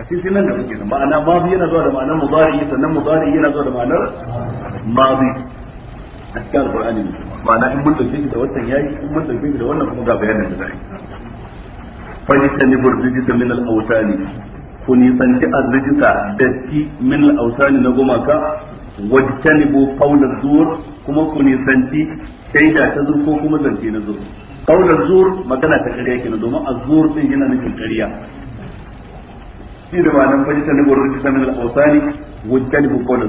a cikin nan da muke da ma'ana mazi yana zuwa da ma'anar mudari sannan mudari yana zuwa da ma'anar mazi a cikin alqur'ani ma'ana in mun dauke shi da wannan yayi in mun dauke shi da wannan kuma ga bayanin da zai fa yastani burjita min al-awtani ku nisanci arrijita da ki min al-awtani na gumaka wajtanibu qawla zuwar kuma ku nisanci shaida ta zur ko kuma zance na zur qawla zur magana ta ke kenan domin az-zur din yana nufin kariya shi da nan fajita na gurin rikisa min al wajen wajtani bu qawla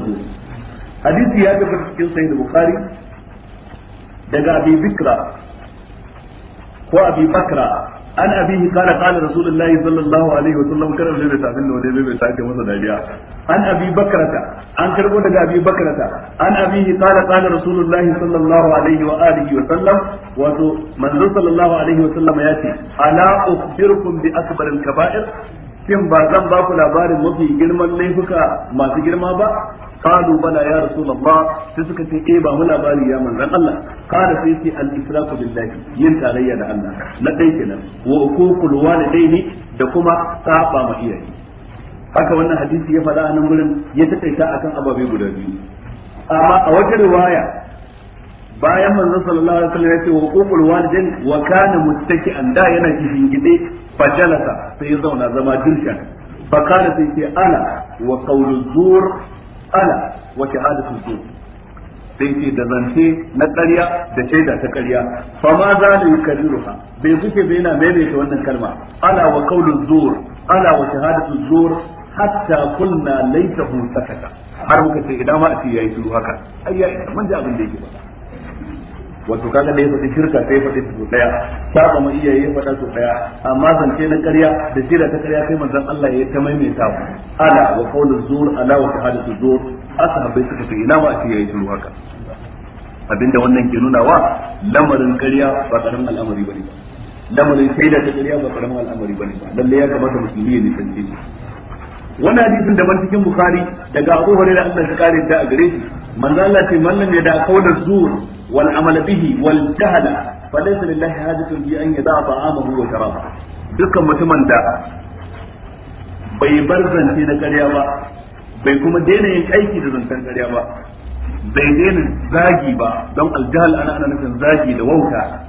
hadisi ya tafi cikin sahih bukhari daga abi bikra ko abi bakra an abihi qala qala rasulullahi sallallahu alaihi wa sallam da ta abin da masa dariya an abi bakrata an karbo daga abi bakrata an abihi rasulullahi sallallahu alaihi wa alihi wa sallam wato manzo sallallahu alaihi wa sallam yace ala ukhbirukum bi kabair shin ba zan ba ku labarin mafi girman laifuka masu girma ba kalu bala ya rasulullah sai suka ce eh ba mu labari ya manzan Allah kada sai ce al israku billahi yin tarayya da Allah na dai kenan wa uqul walidaini da kuma saba ma iyaye haka wannan hadisi ya fada a nan gurin ya takaita akan ababe guda biyu amma a wata riwaya bayan manzon sallallahu alaihi wasallam ya ce wa uqul walidaini wa kana an da yana kishin gide fajalasa sai ya zauna zama dirshan fakara sai ce ana wa qawlu zuwar ana wa shahadatu zur sai ce da zance na ƙarya da shaida ta ƙarya fa ma za la yukarriruha bai zuke bai na maimaita wannan kalma ana wa qawlu zuwar. ana wa shahadatu zuwar. hatta kunna laitahu sakata har muka ce idan ma a ce yayi shiru haka ai ya manja abin da yake ba wato kaga da ya faɗi shirka sai ya faɗi su daya saba mu iya ya faɗa su daya amma zance na ƙarya da shirka ta ƙarya sai manzon Allah ya ta maimaita mu ala wa qawlu zur ala wa shahadatu zur ashabai suka ce ina ma a ce yayi haka abinda wannan ke nuna wa lamarin ƙarya ba karamin al'amari bane ba lamarin shaida ta ƙarya ba karamin al'amari bane ba lalle ya kamata musulmi ya nisanci Wani hadisin daban cikin bukhari daga abu hurairah Allah ya kare da a gare shi manzo Allah ce man lam yada qawla zur wal amal bihi wal jahla falaysa lillahi hajatun bi an yada ta'amahu wa sharabahu dukkan mutumin da bai bar zance na ƙarya ba bai kuma daina yin aiki da zancen ƙarya ba bai daina zagi ba don aljahal ana ana nufin zagi da wauta Fa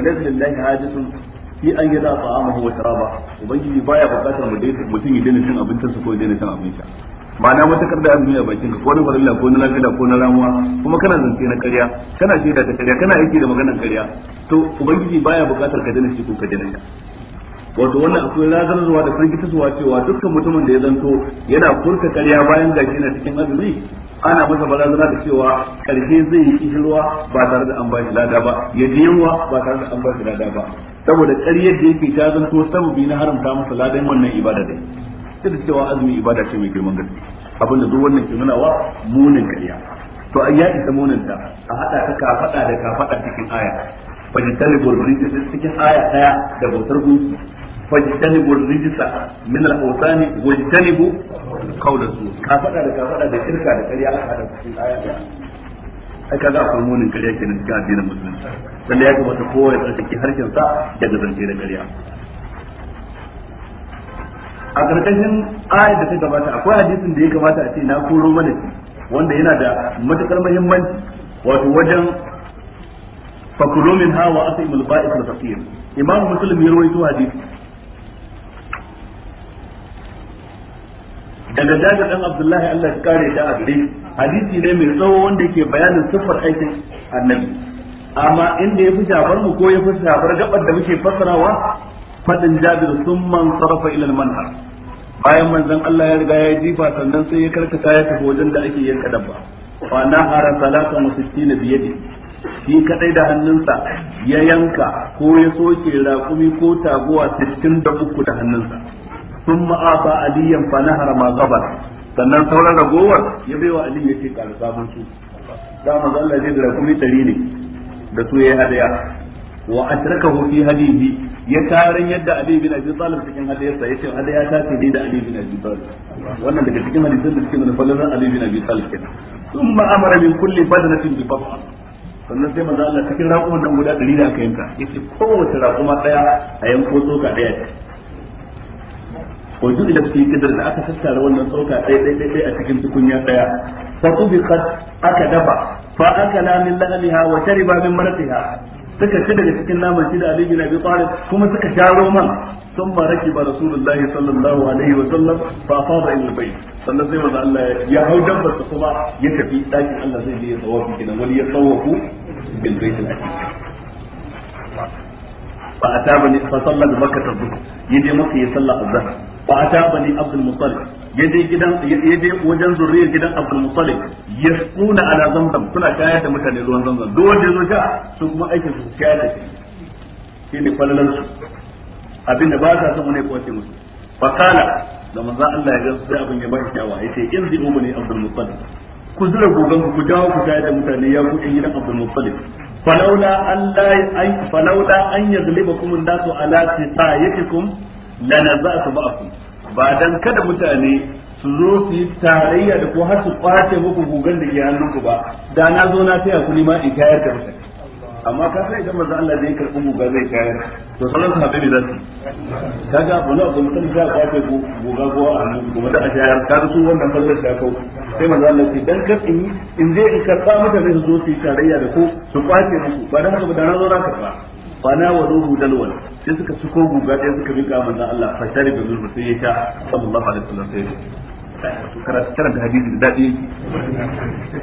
falaysa lillahi hajatun fi an yi zafa a mahu wata raba ubangiji baya bukatar mu daina mutum ya daina cin abincin sa ko ya daina cin abin ba na wata karda azumi a bakin ka ko na farilla ko na lafiya ko na ramuwa kuma kana zance na karya kana shaida ta karya kana aiki da maganar karya to ubangiji baya bukatar ka daina shi ko ka daina wato wannan akwai razanarwa da firgitarwa cewa dukkan mutumin da ya zanto yana furta karya bayan gashi na cikin azumi ana masa barazana da cewa karfe zai yi kishirwa ba tare da an ba shi lada ba ya ji yunwa ba tare da an ba shi lada ba saboda ƙaryar da yake ta zanto sababi na haramta masa ladan wannan ibada dai sai da cewa azumi ibada ce mai girman gaske abinda duk wannan ke nuna wa munin ƙarya to ya isa munin ta a haɗa ta kafada da kafada cikin aya fajitalibu rijis cikin aya ɗaya da bautar gunki fajtanibu rijsa min al-awsani wajtanibu qawla su ka fada da ka fada da shirka da ƙarya aka hada cikin aya ɗaya ai kaga akwai munin ƙarya kenan ga addinin musulunci dan ya kamata kowa tsarki tsarkake harshen sa daga zance da ƙarya a ƙarƙashin ayar da ta gabata akwai hadisin da ya gabata a ce na koro mana shi wanda yana da matukar muhimmanci wato wajen fakulu min hawa asimul ba'is al-fakir imam muslim ya rawaito hadisi daga jabir dan abdullahi Allah ya kare da agare hadisi ne mai tsawo wanda yake bayanin siffar aikin annabi amma inda ya fi shafar mu ko ya fi shafar gabar da muke fassarawa fadin jabir sun man sarrafa ilal manhar bayan manzon Allah ya riga ya jifa sannan sai ya karkata ya tafi wajen da ake yanka dabba fa nahara salata musittina yadi shi kadai da hannunsa ya yanka ko ya soke raƙumi ko taguwa 63 da hannunsa thumma ata aliyan fa nahara ma qabar sannan sauran ragowar ya baiwa ali ya ce ka samun su da maza Allah zai da kuma tari ne da su ya yi hadaya wa atrakahu fi hadihi ya tarin yadda Ali bin Abi Talib cikin Ya ce hadaya ta ce da Ali bin Abi Talib wannan daga cikin hadisin da cikin nufalin Ali bin Abi Talib kenan thumma ma'amara min kulli badnatin bi bab'a sannan sai maza Allah cikin raƙuman nan guda ɗari da aka yanka yace kowace raƙuma ɗaya a yanko soka daya wa ju'ila fi qadar da aka tattara wannan tsoka ɗaya ɗaya ɗaya a cikin tukunya ɗaya fa tubiqat aka dafa fa akala min min suka ci daga cikin naman shi da Ali bin Abi Talib kuma suka sha roman sun ba raki ba Rasulullah sallallahu alaihi wa sallam fa fada ila bayt sannan sai manzo Allah ya hau dabbar kuma ya tafi dakin Allah zai je ya tsawafi kenan wani ya tsawafu bil bayt al fa ataba ni fa sallama makkah az yaje maka ya sallah az-zuhr fa ata bani abdul muttalib yaje gidan yaje wajen zuriyar gidan abdul muttalib yasquna ala zamzam suna shayar da mutane ruwan zamzam duk wanda yazo sha su kuma aikin su shayar da shi shine fallalan abinda ba sa son wani ko ce musu fa kala da manzo Allah ya ga sai abin ya ba shi yawa yace in zi umani abdul muttalib ku gogon ku ku da mutane ya gidan abdul an lanaza'tu ba'akum ba dan kada mutane su zo su yi tarayya da ko har su kwace muku gugan da ke hannunku ba da na zo na taya ku nima in kayar da mutane amma ka sai idan manzo Allah zai karbi guga zai kayar to sauran sahabbai da zasu kaga abu na kuma mutum ya kwace ku guga go a nan kuma da a shayar ka su wannan sallar ta ka sai manzo Allah sai dan kar in in zai in karba mutane su zo su yi tarayya da ku su kwace muku ba dan haka ba da na zo na karba fa na ruhu dalwal sai suka suko guga ɗaya suka miƙa manzon Allah fa tare da zuwa sai ya ta sallallahu alaihi wasallam sai da hadisi da daɗi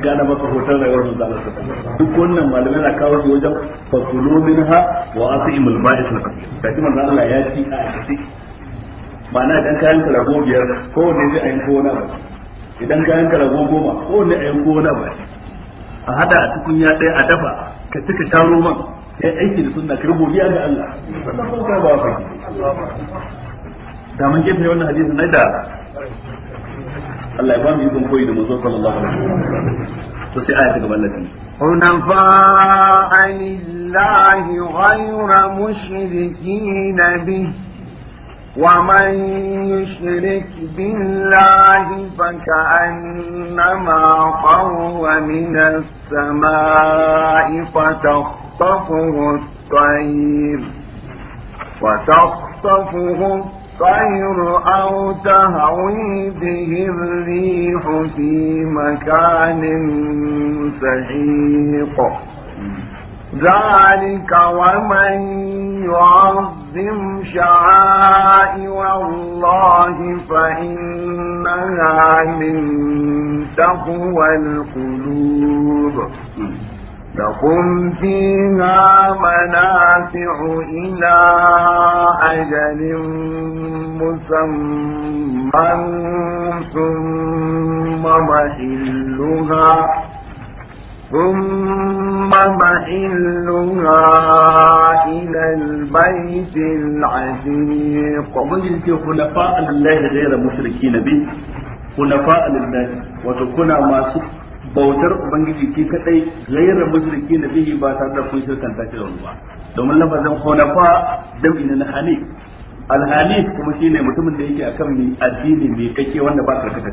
gana maka hotel da rayuwar manzon Allah duk wannan malamai na kawo shi wajen fa fakulu minha wa al ba'is lakum sai manzon Allah ya ci a ci ma'ana dan kayan karago biyar ko kowanne zai ayin ko na ba idan kayan karago goma ko kowanne ayin ko na ba a hada a cikin ya ɗaya a dafa ka tuka taro man kai aiki da sunna ka rububiya ga Allah sannan kuma ka ba faki da mun gefe wannan hadisin na da Allah ya ba mu ikon koyi da manzo sallallahu alaihi wasallam to sai aya ta gaba Allah حنفاء لله غير مشركين به ومن يشرك بالله فكأنما خر من السماء فتخطف تخطفه الطير وتخطفه الطير أو تهوي به الريح في مكان سحيق ذلك ومن يعظم شعائر الله فإنها من تقوى القلوب لكم فيها منافع إلى أجل مسمى ثم محلها ثم محلها إلى البيت العتيق في خلفاء لله غير مشركين به خلفاء لله وتكون ماسك bautar ubangiji ki kadai ghayra mushriki na bihi ba tare da kun shirkan ta da ba domin lafazin hunafa dabi na hanif alhanif kuma shine mutumin da yake akan ni addini mai kake wanda ba karkata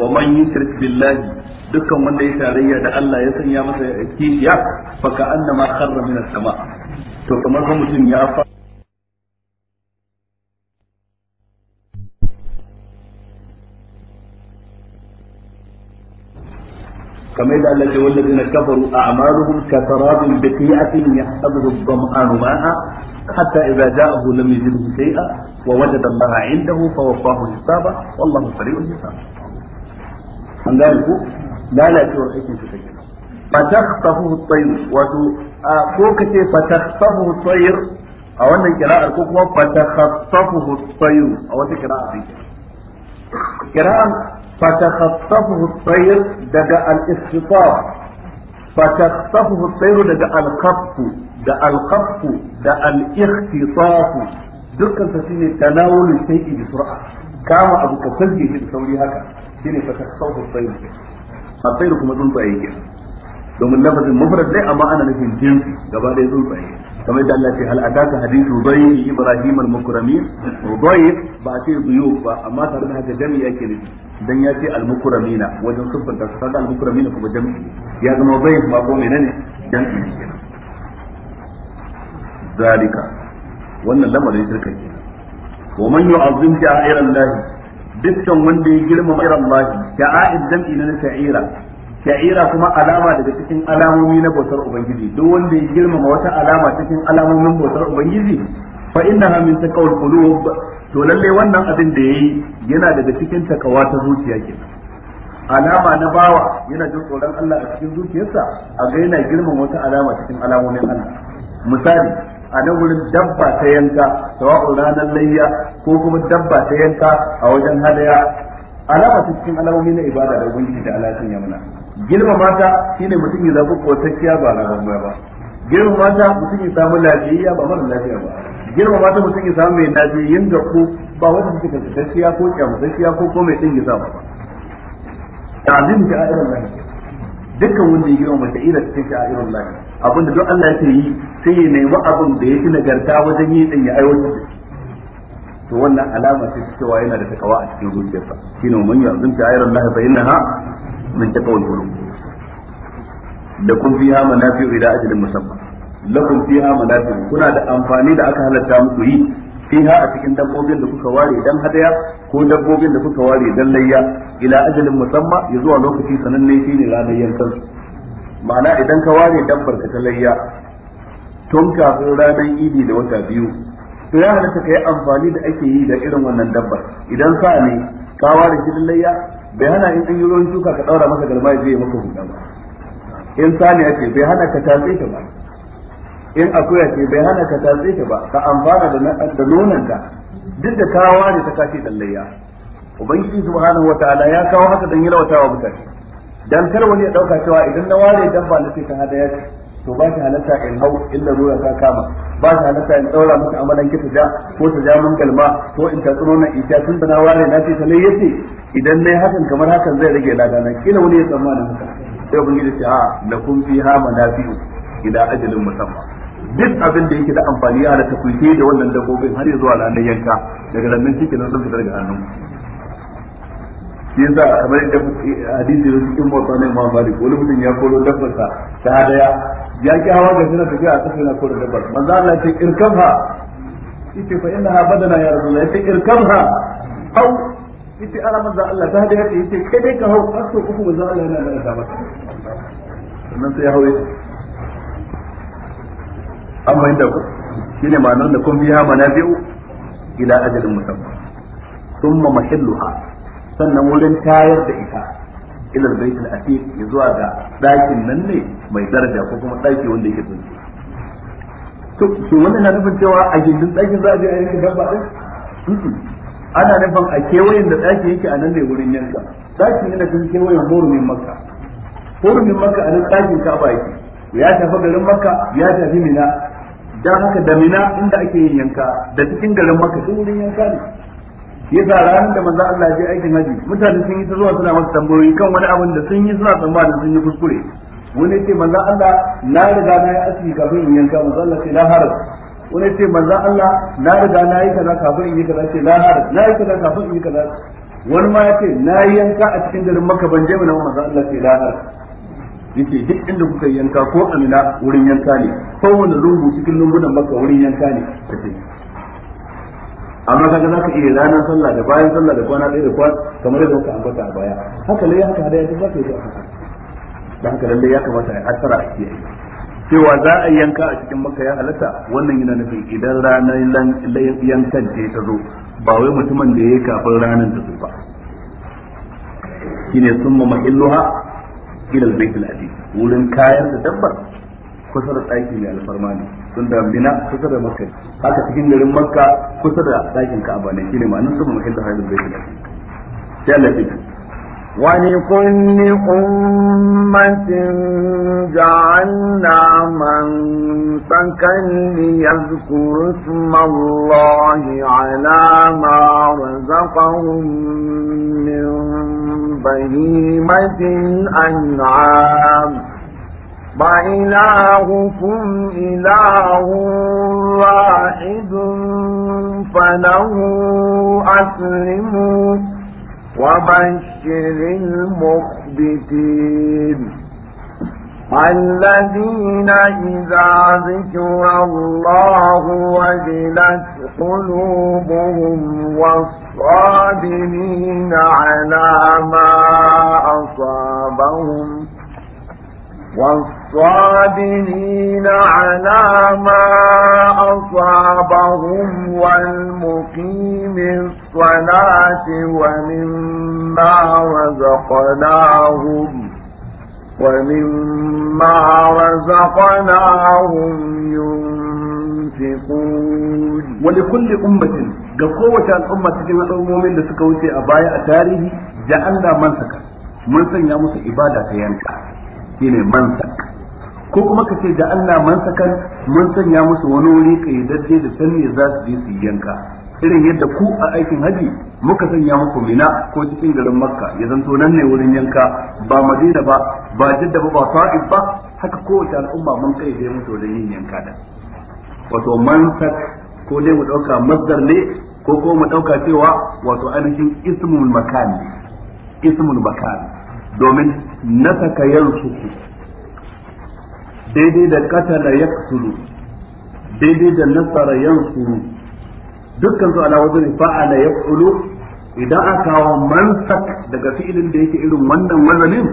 wa man yushrik billahi dukkan wanda ya tarayya da Allah ya sanya masa kishiya fa ka annama kharra min as-sama to kamar mutum ya fa kamar yadda Allah ya ce wallazina kafaru a'maluhum katarabin biqi'atin yahsabuhu adh-dhama'anu ma'a حتى إذا جاءه لم يجده شيئا ووجد الله عنده فوفاه حسابه والله سريع الحساب. عن ذلك لا لا تور aikin su take fataktahu at-tayr wato ko kace fataktahu at-tayr a wannan kira'ar ko kuma fatakhattahu at-tayr a wata kira'a ne kira'an فتخطفه الطير دقى الاختطاف فتخطفه الطير دقى القطف دقى القطف دقى الاختطاف دكا تسيني تناول الشيء بسرعة كما أبو كفلجي في تسولي هكا شيني فتخطفه الطير الطير كما تنطعيه domin lafazin mufrad dai amma ana nufin jinsi gaba ɗaya tsuntsaye kamar da Allah ce hal hadisu hadithu dhayfi ibrahim al mukramin dhayf ba ce dhuyuf ba amma tare da haka jami'i yake nufi dan ya ce al mukramina wajen sufan da kaga al mukramina kuma jami'i ya zama dhayf ba ko menene jami'i zalika wannan lamarin shirka ke wa man yu'azzim sha'air Allah dukkan wanda ya girmama sha'air Allah sha'air jam'i na sha'ira sha'ira kuma alama daga cikin alamomi na bautar ubangiji duk wanda ya girmama wata alama cikin alamomin bautar ubangiji fa ha min taqawul qulub to lalle wannan abin da yayi yana daga cikin takawa ta zuciya ke. alama na bawa yana jin tsoron Allah a cikin zuciyarsa a ga yana girmama wata alama cikin alamomin Allah misali a nan wurin dabba ta yanka sawa'un ranar layya ko kuma dabba ta yanka a wajen hadaya alama ta cikin alamomi na ibada da ubangiji da Allah ya girma mata shine mutum ya zabi kotacciya ba na gamba ba girma mata mutum ya samu lafiyayya ba mara lafiya ba girma mata mutum ya samu mai lafiyayyin da ko ba wanda suke tafiya ko tafiya ko ko mai yi zaɓa ba ta'zim ta irin lafiya dukkan wanda ya girma mata ila cikin ta irin lafiya abinda duk Allah ya yi sai ya nemi abin da ya fi nagarta wajen yi ɗin ya aiwatar da to wannan alama ce ta cewa yana da takawa a cikin zuciyarsa shine man yu'azzim sha'airar Allah fa innaha min taqwal qulub da kun fiha manafi'u ila ajalin musamman lakum fiha manafi'u kuna da amfani da aka halatta muku yi fiha a cikin dabbobin da kuka ware dan hadaya ko dabbobin da kuka ware dan layya ila ajalin musamma ya zuwa lokaci sananne shine ranar yankan ma'ana idan ka ware dabbar ka ta layya tun kafin ranar idi da wata biyu to ya halatta ka yi amfani da ake yi da irin wannan dabba idan sa ne kawa da kidin layya bai hana in an yi ruwan shuka ka daura maka garma ya je maka hudu ba in sa ne ake bai hana ka tatse ta ba in akuya ce bai hana ka tatse ta ba ka amfana da nonon ka, duk da kawa ne ta kashe dan layya ubangiji subhanahu wataala ya kawo haka dan wa mutane dan kar wani ya dauka cewa idan na ware dabba na sai ta ya ce to ba shi halatta in hau illa ruwa ka kama ba shi halatta in daura maka amalan ki ja, ko ta ja mun galma ko in tsuno na isha tun da na ware na ce ta yace idan nayi hakan kamar hakan zai rage ladana kila wani ya tsammana haka sai ubangiji ce a lakum fiha manafi'u ila ajalin musamma duk abin da yake da amfani a da ku da wannan dabbobin har ya zuwa ranar yanka daga nan cikin nan sun daga hannun shi yasa kamar yadda hadisi da cikin motsa ne ma bari wani mutum ya koro dabbarsa ta hadaya ya ki hawa ga suna tafiya a kasa yana koro dabbar manzo Allah ce irkamha yace fa innaha badana ya rasulullah yace irkamha au yace ala manzo Allah ta hadaya ce yace kai dai ka hau aso uku manzo Allah yana da dama sannan sai ya hawo amma inda ku shine ma'anar da kun biya manabi'u ila ajalin musamman thumma mahilluha sannan wurin tayar da ita ilal bait al atiq ya zuwa ga dakin nan ne mai daraja ko kuma daki wanda yake tsunci to to wanda na nufin cewa a gindin dakin za a je a yanka dabba din ana nufin a kewayen da daki yake a nan ne wurin yanka ɗakin yana cikin kewayen hurumin makka hurumin makka a nan dakin ka'aba yake ya tafi garin makka ya tafi mina dan haka da mina inda ake yin yanka da cikin garin makka duk wurin yanka ne yasa ranar da manzo Allah ya je aikin haji mutane sun yi ta zuwa suna masa tambayoyi kan wani abin da sun yi suna da sun yi kuskure wani ce manzo Allah na riga na yi asiri kafin in yanka manzo Allah ce la haraj wani ce manzo Allah na riga na yi kaza kafin in yi kaza ce la haraj na yi kaza kafin in yi kaza wani ma ya ce na yi yanka a cikin garin Makka ban je mana manzo Allah ce la haraj yace duk inda kuka yanka ko amina wurin yanka ne wani rubu cikin lungunan Makka wurin yanka ne kace amma kaga zaka iya ranar sallah da bayan sallah da kwana ɗaya da kwana kamar yadda muka ambata a baya haka lai haka hadaya duk zaka yi ta haka da haka lalle ya kamata a asara a kiyaye cewa za a yanka a cikin maka ya halatta wannan yana nufin idan ranar yankan ce ta zo ba wai mutumin da ya yi kafin ranar ta zo ba shine summa mahilluha ila albayt alazim wurin kayan da dabbar kusa da tsaki mai alfarma ne da mina kusa da makka haka cikin garin makka kusa da dakin ka'aba ne shine ma'anar makka da sai Allah ya ولكل أمة جعلنا منسكا اسم الله على ما رزقهم من بهيمة الأنعام فإلهكم إله واحد فله أسلموا وبشر المخبتين الذين إذا ذكر الله وجلت قلوبهم والصابرين على ما أصابهم والصابرين الصابرين على ما أصابهم والمقيم الصلاة ومما رزقناهم ومما رزقناهم ينفقون ولكل أمة ga kowace al'umma cikin al'ummomin da suka wuce a baya a tarihi ja'alla mansaka mun sanya musu ibada ta yanka shine ko kuma ka ce da Allah man sakan mun sanya musu wani wuri kayyadadde da me za su je su yanka irin yadda ku a aikin haji muka sanya muku mina ko cikin garin makka ya zanto nan ne wurin yanka ba madina ba ba jidda ba ba sa'id ba haka kowace al'umma mun kai da musu wurin yin yanka da wato man sak ko dai mu dauka masdar ne ko ko mu dauka cewa wato ainihin ismul makan ismul makan domin nasaka yansu daidai da ya kusuru daidai da nasara kusuru dukkan su ala wajen fa'ala kusuru idan aka kawo mansak daga fi'ilin da yake irin wannan mazalin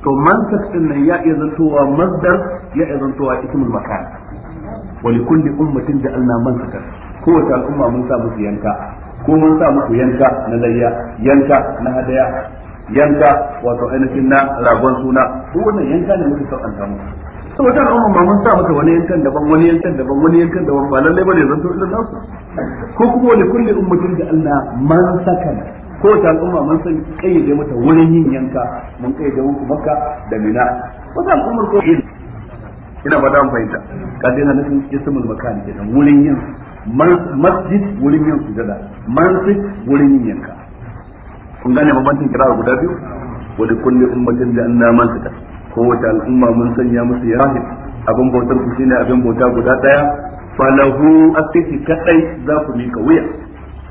to mansak din nan ya iya zantowa mazdar ya iya zantowa ismul makan wani kulli ummatin ja'alna mansakan kowace al'umma mun sa musu yanka ko mun sa musu yanka na layya yanka na hadaya yanka wato ainihin na ragon suna ko wannan yanka ne muke sauƙanta musu saboda al'umma ma mun sa maka wani yankan daban wani yankan daban wani yankan daban ba lallai bane zan to irin nasu ko kuma wani kulli ummatin da Allah man saka ko ta al'umma mun san da mata wurin yin yanka mun da wuku makka da mina wata al'ummar ko ina ba dan an fahimta ka dena nan sun ismul makan kenan wurin yin masjid wurin yin sujada masjid wurin yin yanka kun gane mabantin kira guda biyu wa kulli ummatin da Allah man saka Ko kowace al'umma mun sanya musu rahib abin bautar ku shine abin bauta guda daya falahu asisi kadai za ku mika wuya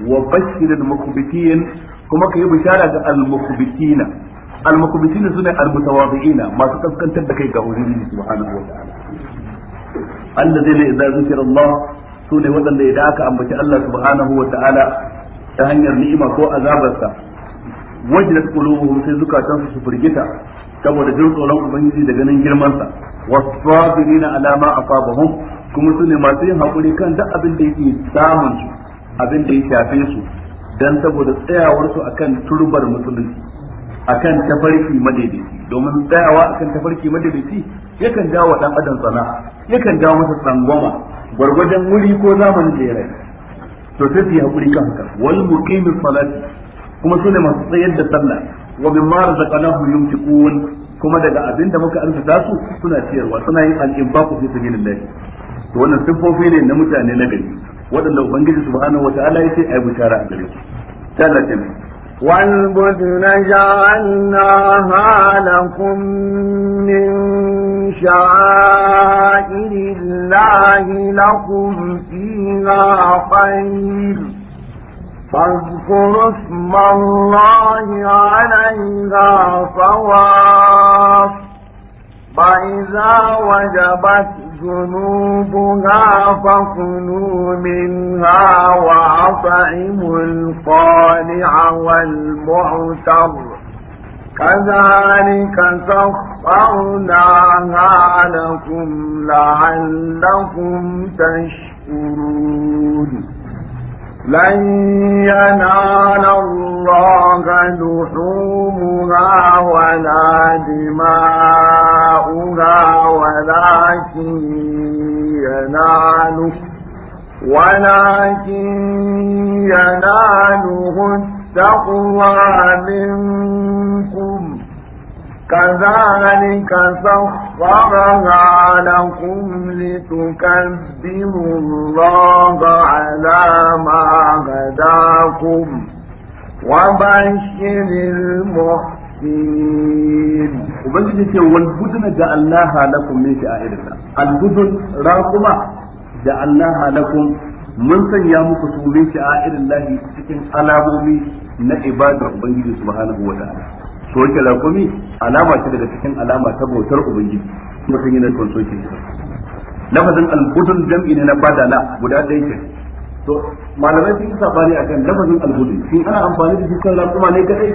wa bashirin mukbitin kuma kai yi bishara ga al-mukbitina al-mukbitina sune al-mutawadi'ina masu kaskantar da kai ga ubangiji subhanahu wa ta'ala allazina idza zikira Allah sune wadanda idan aka ambaci Allah subhanahu wa ta'ala ta hanyar ni'ima ko azabarsa wajilat qulubuhum sai zukatan su firgita saboda jin tsoron ubangiji da ganin girmansa wasabirina ala ma asabahum kuma su ne masu yin hakuri kan duk abin da yake samun su abin da ya shafe su dan saboda tsayawar su akan turbar musulunci akan tafarki madaidaici domin tsayawa akan tafarki madaidaici yakan jawo dan adam sana yakan jawo masa tsangwama gwargwajen wuri ko zamanin da ya rai to sai su yi hakuri kan haka wal muqimi salati kuma su ne masu tsayar da sallah wa mimma razaqnahum yunfiqun kuma daga abin da muka arzuta su suna siyarwa suna yin al-infaqu fi sabilillah to wannan sifofi ne na mutane na gari waɗanda ubangiji subhanahu wataala ala ai bishara a gare su tallatin والبدن جعلناها لكم من شعائر الله لكم فيها خير فاذكروا اسم الله عليها صواف فإذا وجبت جنوبها فكلوا منها وأطعموا القانع والمعتر كذلك سخرناها لكم لعلكم تشكرون لن ينال الله لحومها ولا دماؤها ولكن يناله ولكن يناله التقوى منكم كذلك سخرها لكم لتكذبوا الله على ما هداكم وبشر المحسنين وبشر والبدن جعلناها لكم من الله البدن راقبة جعلناها لكم من sanya muku su min sha'irin lahi cikin alamomi na ibadar ubangiji subhanahu soke lakumi alama ce daga cikin alama ta bautar ubangiji mutum na son soke lafazin albudun jam'i ne na badala guda ɗaya ke to malamai sun yi sabani kan lafazin albudun shi ana amfani da shi lakuma ne kadai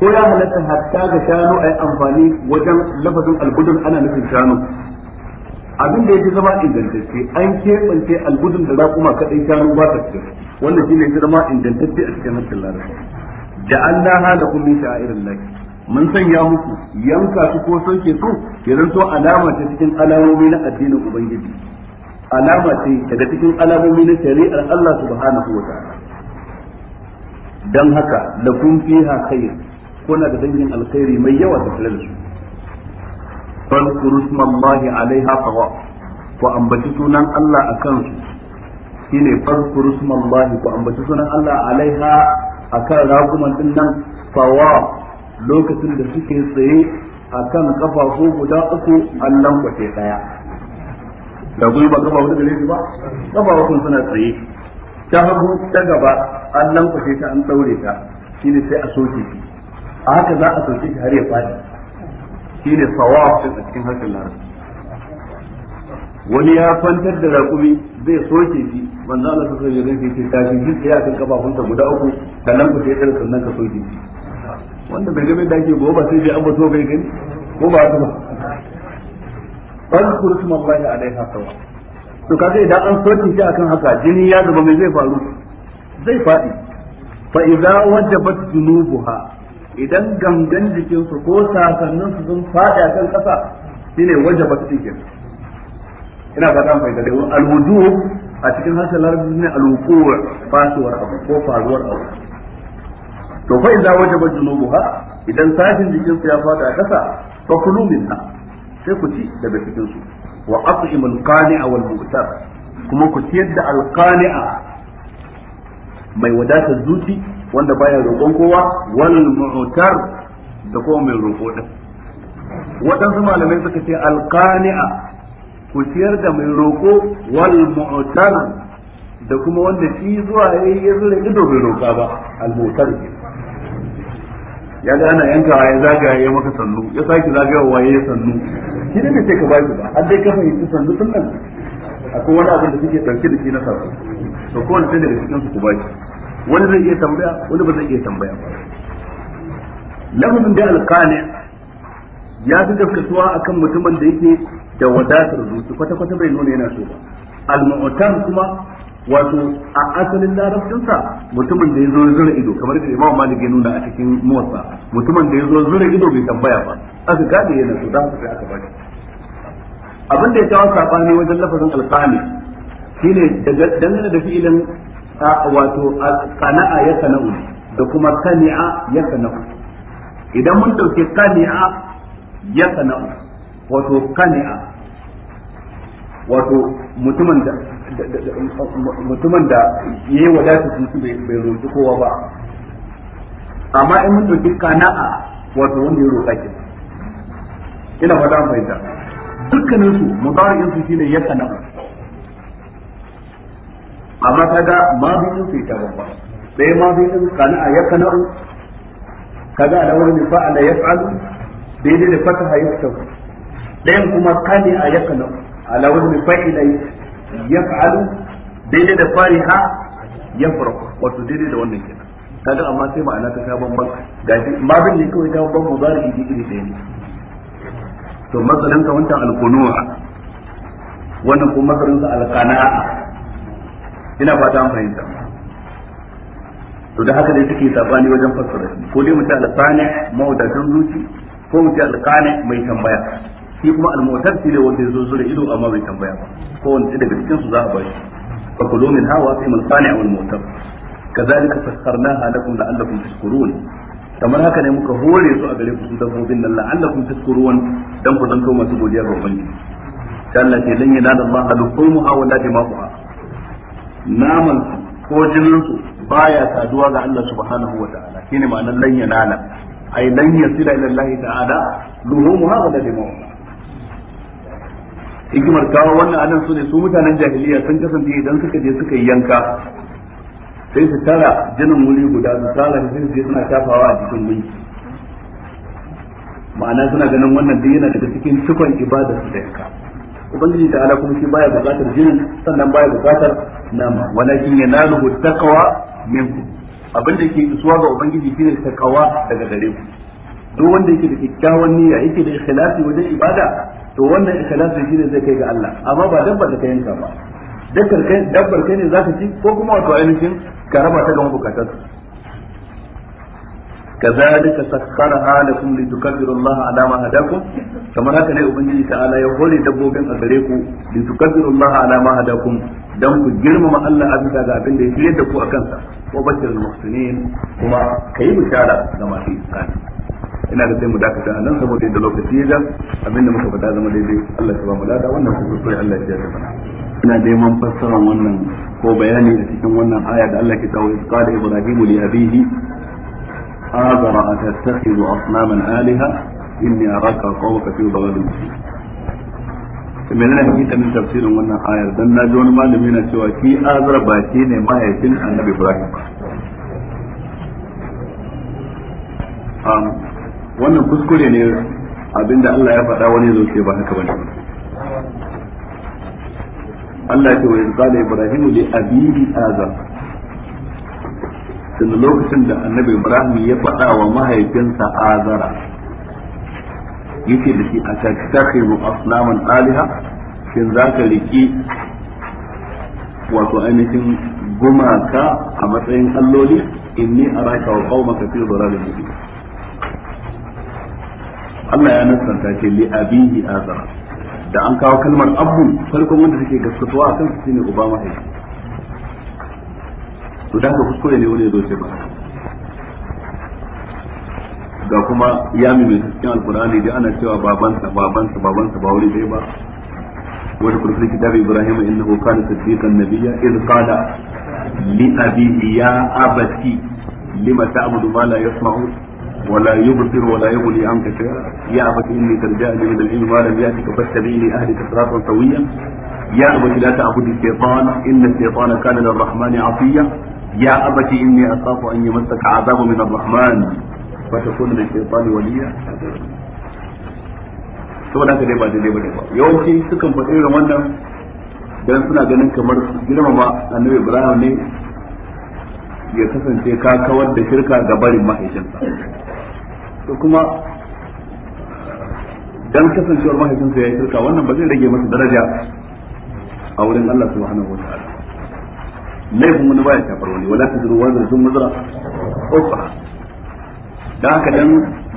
ko ya halatta hatta ga shanu a yi amfani wajen lafazin albudun ana nufin shanu abin da ya fi zama ingantacce an keɓance albudun da za kuma kaɗai shanu ba ta cikin wanda shi ne zama ingantacce a cikin hankali larabci da an da hada kun sha'irin laki mun sanya muku yanka su ko so su ya zanto alama ta cikin alamomi na addinin ubangiji alama ce daga cikin alamomi na shari'ar Allah subhanahu wa ta'ala dan haka kun fiha khair kuna da dangin alkhairi mai yawa da tare da su fadkuru smallahi alaiha fawa ku ambaci sunan Allah akan su shine fadkuru smallahi ku ambaci sunan Allah alaiha akan raguman din nan fawa lokacin da suke tsaye a kan kafafu guda uku an lankwace ɗaya da kuma ba kafa da gare ba Ƙafafun suna tsaye ta hagu ta gaba an lankwace ta an ɗaure ta shine sai a soke shi a haka za a soke shi har ya fadi shine sawaf din a cikin harshen larabci wani ya kwantar da raƙumi zai soke shi manzo Allah sallallahu alaihi zai ya ce ta shi ya kan kafafunta guda uku sannan ku sai sannan ka soke shi wanda bai ga da ake gobe sai bai ambato bai gani ko ba haka ba fadkur isma Allah alaiha sawa to kaga idan an soke shi akan haka jini ya zuba mai zai faru zai fadi fa idza wajabat buha. idan gangan jikinsu ko sasannin su sun fadi akan kasa shine wajabat jikin ina fata an fahimta dai alwudu a cikin hasalar larabci ne alwuqu fasuwar abu ko faruwar abu to fa idza wajaba junubuha idan sashin jikin su ya fada kasa fa kulu minna sai ku ci daga cikin su wa at'imul qani'a wal mu'tar kuma ku ciyar da al qani'a mai wadatar zuci wanda baya roƙon kowa wal mu'tar da kuma mai roƙo din waɗansu malamai suka ce al qani'a ku ciyar da mai roƙo wal mu'tar da kuma wanda shi zuwa yayi ya zura ido bai roƙa ba al mu'tar ya ga ana yankawa ya zagaya ya maka sannu ya sake wa ya sannu shi ne bai ce ka baki ba har dai ka fahimci sannu tun nan akwai wani abin da suke ɗauke da shi na sabo to wani sai daga cikin su ku baki wani zai iya tambaya wani ba zai iya tambaya ba lafazin da alƙani ya fi gaskatuwa akan mutumin da yake da wadatar zuci kwata-kwata bai nuna yana so ba al-mu'tam kuma wato a asalin larabcinsa mutumin da ya zo zura ido kamar da imam malik ya nuna a cikin muwassa mutumin da ya zo zura ido bai tambaya ba aka gane yana so aka sai aka bashi abin da ya kawo sabani wajen lafazin alqani shine daga dangane da fi'ilin wato qana'a ya sana'u da kuma qani'a ya sana'u idan mun dauke qani'a ya sana'u wato qani'a wato mutumin da mutumin da yayi wadata su bai roƙi kowa ba amma in mun dauki kana'a wato wanda ya roƙa ke ina fata an da dukkanin su mudari'in su shine ya kana'a amma ga ma sun su ita babba sai ma bin su kana'a ya kana'u kaga da wani ya tsalu daidai da hayar yaftahu ɗayan kuma kani a a lawar mai fa'ila yaf'alu daidai da fariha yafraq wato daidai da wannan kenan kaga amma sai ma'ana ta sha bamban ga shi ma bin ne kawai ta bamban mudari ji iri ɗaya ne to masalan ka wancan alqunu'a wannan kuma masalan sa alqana'a ina fata an fahimta to da haka dai take sabani wajen fassara ko dai mutum alqani mawdatan zuci ko mutum alqani mai tambaya shi kuma al-mu'tar shi ne wanda ya zo zura ido amma bai tambaya ba ko wanda daga cikin su za a bashi fa kulu min hawa fi man sani'a wal mu'tar kadhalika sakhkharnaha lakum la'allakum tashkurun kamar haka ne muka hore su a gare ku su dabbobin nan la'allakum tashkurun dan ku zanto masu godiya ga ubangiji Allah ke lan yana da Allah al-qumuha wa la dimaquha naman ko jinin su baya saduwa ga Allah subhanahu wa ta'ala shine ma'anar lan yana ai lan yasila ila Allah ta'ala luhumuha wa la dimaquha hikimar kawo wannan anan su ne su mutanen jahiliya sun kasance idan suka je suka yi yanka sai su tara jinin wuri guda su tara sai je suna shafawa a jikin gunki ma'ana suna ganin wannan duk yana daga cikin cikon ibada su da yanka ubangiji ta ala kuma shi baya bukatar jinin sannan baya bukatar nama walakin yanaluhu takawa minku. abin da ke isuwa ga ubangiji shine takawa daga gare ku duk wanda yake da kyakkyawan niyya yake da ikhlasi wajen ibada to wannan ikhlasi shine zai kai ga Allah amma ba dabbar da ka yanka ba dabbar kai dabbar kai ne zaka ci ko kuma wato ainihin ka raba ta ga mabukatar kazalika sakhkharaha lakum litukabbiru Allah ala ma hadakum kamar haka ne ubangiji ta'ala ya hore dabbobin a gare ku litukabbiru Allah ala ma hadakum dan ku girmama Allah a ga abin da ya fiye da ku akan sa ko bashirul muhsinin kuma kai bishara ga masu ihsani ina da sai mu dakata a nan saboda da lokaci ya ja abinda muka fada zama daidai Allah ya ba mu lada wannan kuma sai Allah ya ji mana ina da neman fassara wannan ko bayani a cikin wannan aya da Allah ke tawo qala ibrahim li abihi azara atattakhidhu asnaman alaha inni araka qawmaka fi dhalalin menene hakikanin tafsirin wannan ayar dan na ji wani malami na cewa ki azra ba ki ne mahaifin annabi ibrahim ba wannan kuskure ne abinda Allah ya faɗa wani zo ce ba haka bane Allah ya ce wa qala ibrahimu li abihi azar tun lokacin da annabi ibrahim ya faɗa wa mahaifinsa azara yake da shi a mu asnaman aliha za ka riki wato ainihin gumaka a matsayin alloli inni araka wa qaumaka fi dhalalin mubin Allah ya nasanta ce li abihi azara da an kawo kalmar abun farkon wanda take gaskatuwa kan su ne uba mahaifi to da haka kuskure ne wani ya zo ce ba ga kuma ya mai cikin alkurani da ana cewa babansa babansa babansa ba wuri dai ba wani kurfin kitab ibrahim innahu kana siddiqan nabiyya in qala li abihi ya abati lima ta'budu ma la yasma'u ولا يبصر ولا يغني عنك شيئا يا أبت إني قد جاءني من العلم ما لم يأتك فاتبعني أهلك صراطا سويا يا أبت لا تعبد الشيطان إن الشيطان كان للرحمن عصيا يا أبت إني أخاف أن يمسك عذاب من الرحمن فتكون للشيطان وليا saboda haka dai ba daidai bane ba yawanci sukan faɗi irin wannan dan suna ganin kamar girmama annabi Ibrahim ne ya kasance ka kawar da shirka ga barin mahaifinsa to kuma dan kasancewar mahaifinsa ya yi shirka wannan ba zai rage masa daraja a wurin Allah subhanahu wa ta'ala laifin wani baya shafar wani wala ta zuru wani sun mazara ofa da haka dan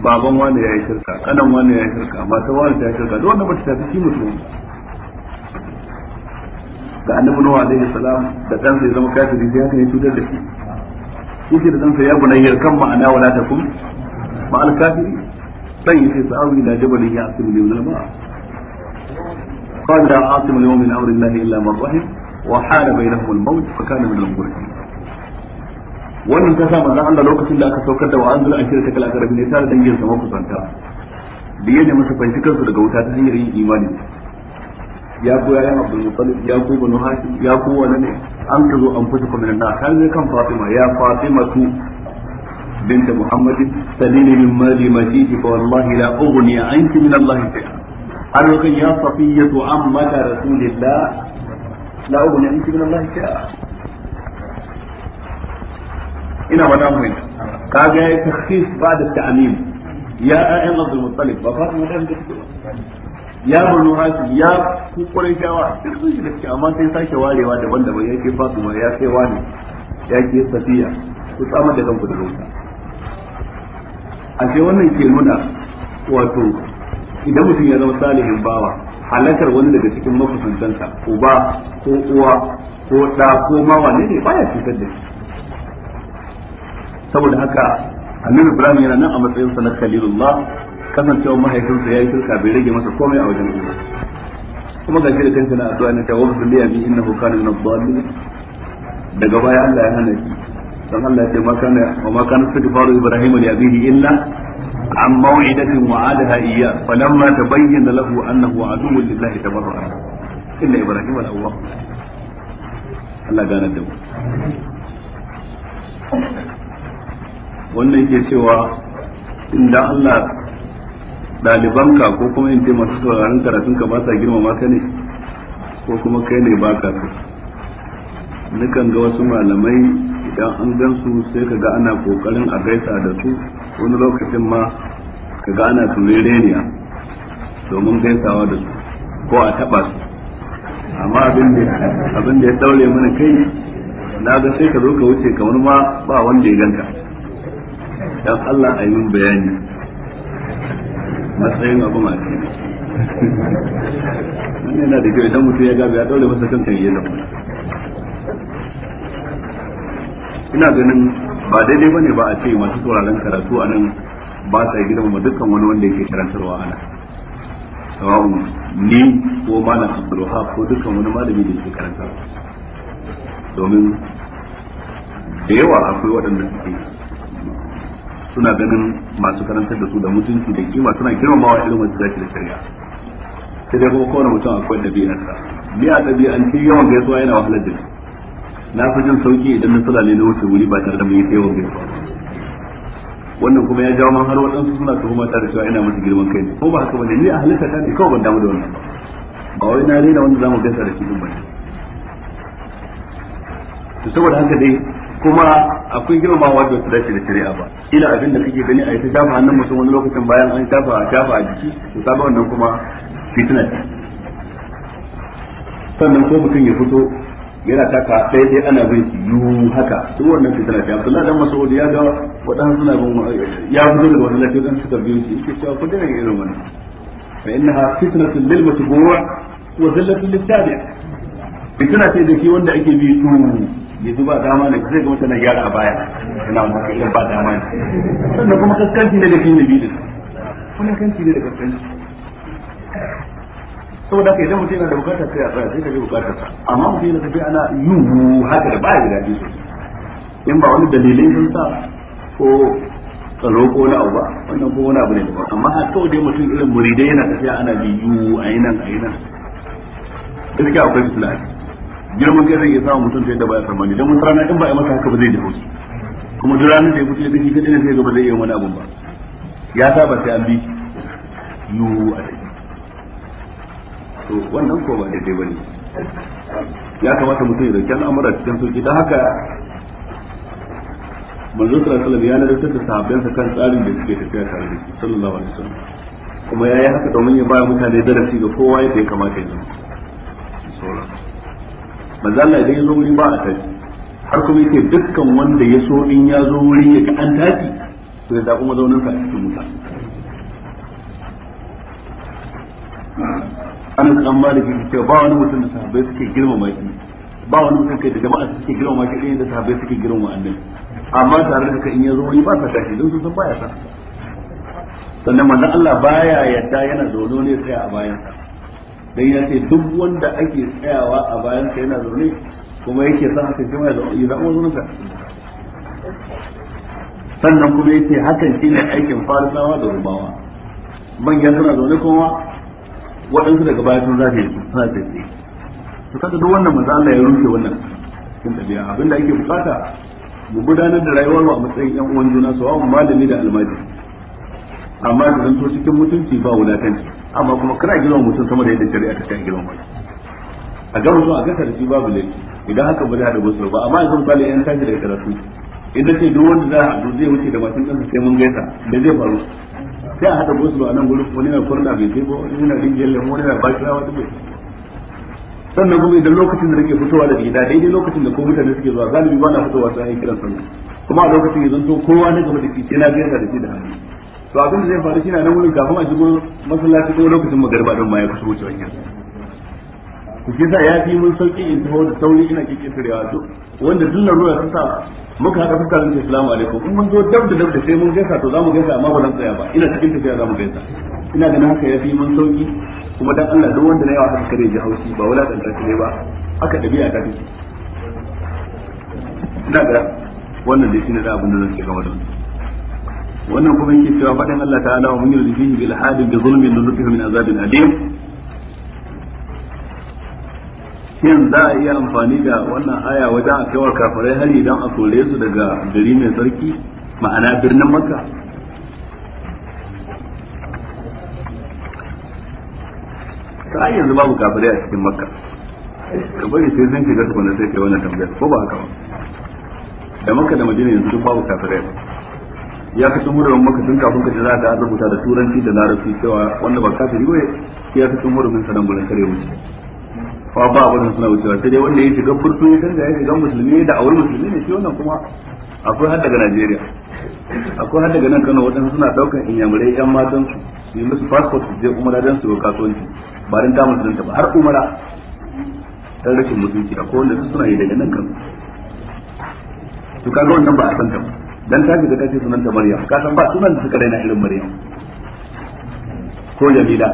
baban wani ya yi shirka kanan wani ya yi shirka masu wani ya yi shirka da wanda ba ta tafi shi mutum da annabi nuhu alaihi salam da kansa ya zama kafiri sai haka ya cutar da shi yake da kansa ya bunayya kan ma'ana wala takum ma kafiri dan yake sa'awi da jabalin ya قال لا عاصم اليوم من امر الله الا من رحم وحال بينهم الموت فكان من المغرقين wannan ta sa manzon Allah lokacin da aka saukar da wa'azul ashir ta kala ta da dangin da wuta ta hanyar yin imani ya ko بنت محمد سليني من مالي ما شئت فوالله لا أغني عنك من الله شيئا هل وكان يا صفية عمة رسول الله لا أغني عنك من الله شيئا ina wata mu ina kaga ya takhsis ba da ta'mim ya ayyan Abdul Muttalib ba fa mu dan da ya bulu hasu ya ku kore shawa sun shi da ke amma sai sake warewa daban-daban ya ke fasu ya kai wani ya ke safiya ku tsamar da kanku da rubuta ashe wannan ke nuna wato idan mutum ya zama salihin bawa halakar wani daga cikin makusantansa uba ko uwa ko da ko mawa ne ne baya cutar da shi saboda haka amir Ibrahim yana nan a matsayin sa na Khalilullah kasancewa mahaifinsa ya yi shirka bai rage masa komai a wajen uwa kuma ga shi da kanta na addu'a na tawakkal bi innahu na min na dallin daga baya Allah ya hana shi dan Allah ya ce ma kana wa ma kana istighfaru ibrahim li abihi illa an maw'idatin wa'adaha iyya falamma tabayyana lahu annahu adu lillahi tabarra'a inna ibrahim al-awwah Allah gane da mu wannan ke cewa inda Allah ka ko kuma in ce masu sauraron karatun ka ba sa girmama ka ne ko kuma kai ne ba ka nukan ga wasu malamai idan an gan su sai ka ga ana kokarin a gaisa da su wani lokacin ma ka ga ana turereniya domin gaisawa da su ko a taba su amma abin da ya daure mana kai na ga sai ka zo ka wuce kamar ma ba wanda ya ganka dan Allah a yi bayani matsayin abu ma kai wannan yana da kyau idan mutum ya gabe ya daure masa kan kan yi da ina ganin ba daidai bane ba a ce masu sauraron karatu a nan ba sa girmama dukkan wani wanda yake karantarwa a nan ni ko malam abdulwahab ko dukkan wani malami da yake karantarwa domin da yawa akwai waɗanda suke suna ganin masu karantar da su da mutunci da kima suna girmamawa irin da zaki da shari'a sai dai kuma kowane mutum akwai ɗabi'arsa biya ɗabi'an yawan gaisuwa yana wahalar da shi na fi jin sauki idan na ne na wuce wuri ba tare da mun yi tsayawan gaisuwa wannan kuma ya jawo man har waɗansu suna tuhuma ta da cewa ina musu girman kai ko ba haka ba ne ni a halitta ta ne kawai ban damu da wannan ba wai na rena wanda zamu gaisa da shi din ba to saboda haka dai kuma akwai girmamawa da su dace da shari'a ba ila abin da kake gani a yi ta shafa hannun mutum wani lokacin bayan an shafa shafa a jiki to kaga wannan kuma fitina ce sannan ko mutum ya fito yana taka ɗaya ɗaya ana bin shi yu haka to wannan fitina ce Abdullahi dan Mas'ud ya ga wadannan suna bin ya fito daga wannan lafiya dan suka biyo shi yake cewa ku dai irin wannan fa innaha fitnatun lil matbu' wa zillatun lit tabi' fitina ce da ke wanda ake bi to yanzu ba dama ne sai ga mutane gyara a baya ina maka idan ba dama ne sannan kuma kaskanci ne da kin nabi din kuma kaskanci ne da kaskanci saboda haka idan mutum yana da bukatar sai a tsaya sai ka bi bukatar sa amma mutum yana tafiya ana yuhu haka da baya da daɗi in ba wani dalilai sun sa ko tsaro ko na abu ba wannan ko wani abu ne daban amma a kawai dai mutum irin muridai yana tafiya ana bi yuhu a yi nan a yi nan gaskiya akwai fitila girman kai zai iya samun mutum ta yadda baya tsammani don wata rana in ba a yi masa haka ba zai da hauki kuma duk ranar da ya mutu ya dinki kadai ne sai ga ba zai iya wani abun ba ya saba sai an bi yuhu a ciki to wannan ko ba daidai bane ya kamata mutum ya dauki al'amura cikin sauki don haka manzo sallallahu alaihi ya nadarta da sahabbansa kan tsarin da suke tafiya tare da shi sallallahu alaihi wasallam kuma ya yi haka domin ya ba mutane darasi ga kowa yadda ya kamata ya zama manzo Allah idan ya zo wuri ba a tafi har kuma yake dukkan wanda ya so in ya zo wuri ya ga an tafi to ya zaɓi ka a cikin mutane anas dan da yake cewa ba wani mutum da sahabbai suke girmama shi ba wani mutum kai da jama'a suke girmama shi ɗaya da sahabbai suke girmama annabi amma tare da kai in yazo wani ba sa tashi don su san baya sa sannan manzon Allah baya yadda yana zaune ne tsaya a bayan sa dan ya ce duk wanda ake tsayawa a bayan sa yana ne kuma yake sa haka jama'a da ya zama zuwa ka. sannan kuma yake hakan shine aikin farisawa da rubawa manyan suna zaune kuma waɗansu daga baya sun zafi su suna tsaye su kaga duk wannan manzo Allah ya rufe wannan cikin tabi'a abinda ake bukata mu gudanar da rayuwar mu a matsayin yan uwan juna su sawa'un malami da almaji amma da zanto cikin mutunci ba wulakanci amma kuma kana girma mutum sama da yadda shari'a ta kan girma mai a ga zuwa a gasa da shi babu laifi idan haka ba zai da musu ba amma yanzu misali yan tashi daga karatu idan ce duk wanda za a zai wuce da matan ɗansa sai mun gaisa da zai faru sai a haɗa gosulo a nan gurin wani na kurna bai kai ba wani na rijiyar lemu wani na bakira wani bai sannan kuma idan lokacin da nake fitowa daga gida daidai lokacin da ko mutane suke zuwa galibi ba na fitowa sai an kiran sannan kuma a lokacin ya zanto kowa na gaba da shi na biyar da shi da hannu to abin da zai faru shi na nan wurin kafin a shigo masallaci ko lokacin magariba don ma ya kusa wuce wani yanzu ku ke sa ya fi mun sauki in tafi da sauri ina kike kisirewa duk wanda na ruwa sun sa muka haɗa fuskar da assalamu alaikum in mun zo dab da dab da sai mun gaisa to za mu gaisa amma ba zan tsaya ba ina cikin tafiya za mu gaisa ina ganin haka ya fi mun sauki kuma dan Allah duk wanda na yawa haka kare ji haushi ba wala dan ne ba haka dabi'a ta take ina ga wannan dai shine da abin da zan ce game da wannan kuma yake cewa fadin Allah ta'ala wa mun yurdi fihi bil hadi bi zulmin nuzuhu min azabin adim shin za a iya amfani da wannan aya wajen a kaiwa kafirai hari don a kore su daga gari mai sarki ma'ana birnin makka ta yanzu babu kafirai a cikin makka ka bari sai zan shiga tukuna sai kai wannan tambayar ko ba haka ba da makka da madina yanzu duk babu kafirai ya fi tumurin maka tun kafin ka za ka rubuta da turanci da larabci cewa wanda ba kafiri ba ya fi tumurin sa dan bulan kare wuce fa ba abin da suna wucewa sai dai wanda ya shiga furfi ya kan gaya shiga musulmi da awar musulmi ne shi wannan kuma akwai har daga Najeriya akwai har daga nan Kano waɗansu suna ɗaukan inyamurai ƴan matan su su yi musu passport su je umara don su kasuwanci ba don ta musulunta ba har umara dan rashin mutunci akwai wanda suna yi daga nan Kano to kaga wannan ba a san ta dan ta shiga kace sunan ta Maryam ka san ba sunan da suka raina irin Maryam ko Jamila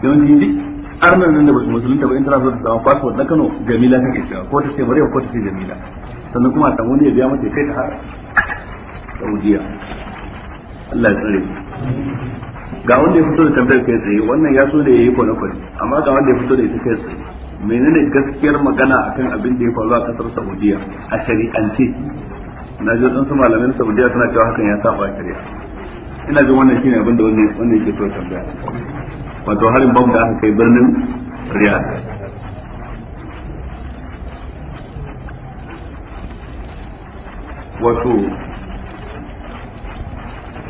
yawanci arnan nan da musulun ta ba in tana so ta samu passport na Kano Jamila take cewa ko ta ce Maryam ko ta ce Jamila sannan kuma a wani ya biya mata kai ta har Saudiya Allah ya tsare ga wanda ya fito da tambayar kai tsaye wannan ya so da ya yi na kwari amma ga wanda ya fito da ita kai tsaye menene gaskiyar magana akan abin da ya faru a kasar Saudiya a shari'ance na ji su malamin Saudiya suna cewa hakan ya saba shari'a ina jin wannan shine abin da wannan wannan yake so tambaya wato harin bam da aka kai birnin riyadh wato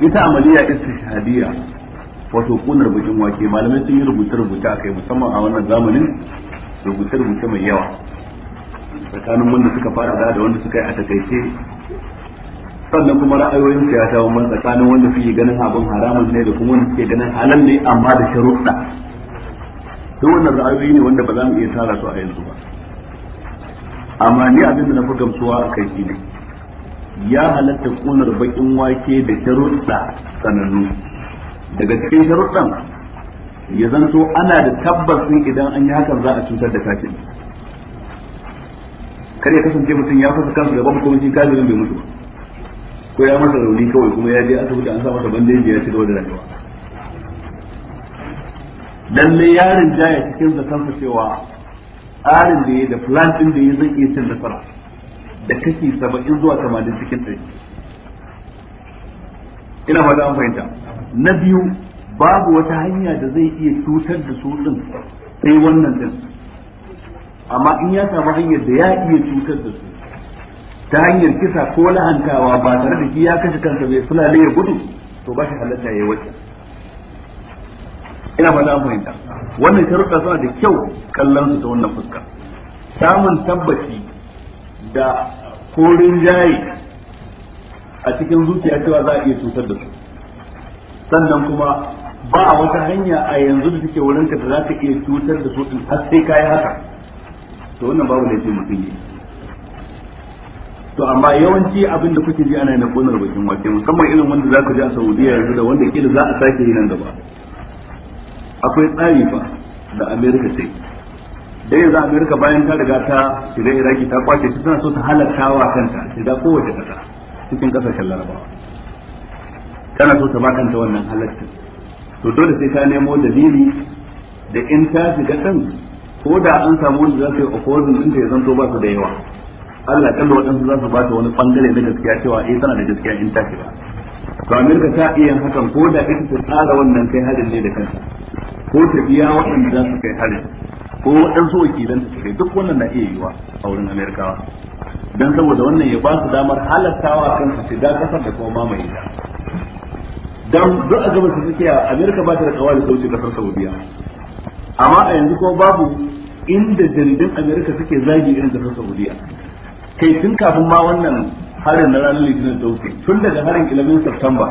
ita amaliya istishhadiyya wato kunar bikin wake malamai sun yi rubuce-rubuce a kai musamman a wannan zamanin rubuce-rubuce mai yawa tsakanin wanda suka fara da wanda suka yi a takaice sannan kuma ra'ayoyin su ya tawo mun tsakanin wanda suke ganin abin haramun ne da kuma wanda suke ganin halal ne amma da sharuɗa duk wannan ra'ayoyi ne wanda ba za mu iya tara su a yanzu ba amma ni abin da na fi gamsuwa a kai ne ya halatta kunar bakin wake da sharuɗa sanannu daga cikin sharuɗan ya zan so ana da tabbasin idan an yi hakan za a cutar da kafin kar ya kasance mutum ya fasa kansa gaban kuma shi kafirin bai mutu ba ko ya masa rauni kawai kuma ya je asibiti an sa masa bandeji ya ci gaba da rayuwa lalle yarin jaya cikin da kansa cewa tsarin da ya da plan din da ya zai iya cin nasara da kashi saba'in zuwa tamanin cikin ɗari ina fata an fahimta na biyu babu wata hanya da zai iya cutar da su ɗin sai wannan ɗin amma in ya samu hanyar da ya iya cutar da su ta hanyar kisa ko lahantawa ba tare da shi ya kashe kansa bai fulale ya gudu to ba shi halatta ya yi wata ina fata an fahimta wannan sharuɗa suna da kyau kallon su ta wannan fuska samun tabbaci da korin jayi a cikin zuciya cewa za a iya cutar da su sannan kuma ba a wata hanya a yanzu da suke wurinka da za ka iya cutar da su har sai ka yi haka to wannan babu laifin mutum yi to amma yawanci abin da kuke ji ana yin konar bakin wake musamman irin wanda za ku ji a saudiya yanzu da wanda kila za a sake yi nan gaba akwai tsari fa da amerika ce da yanzu America bayan ta riga ta shiga iraki ta kwace ta tana so ta halarta wa kanta shiga kowace kasa cikin kasashen larabawa tana so ta ba kanta wannan halarta. to dole sai ta nemo dalili da in ta shiga kan ko da an samu wanda za su yi opposing ɗinta ya zanto ba su da yawa Allah kalla waɗansu za su ba ta wani bangare na gaskiya cewa eh tana da gaskiya in ta shiga to Amerika ta iya hakan ko da ita ta tsara wannan kai harin ne da kanta ko ta biya waɗanda za su kai harin ko waɗansu wakilan ta kai duk wannan na iya yiwa a wurin Amerikawa dan saboda wannan ya ba su damar halattawa su shiga kasar da kuma mamaye ta dan duk a gaban su suke a Amerika ba ta da kawai da sauci kasar Saudiya amma a yanzu kuma babu inda jaridan Amerika suke zagi irin kasar Saudiya kai tun kafin ma wannan harin na ranar litinin da tun daga harin ilimin september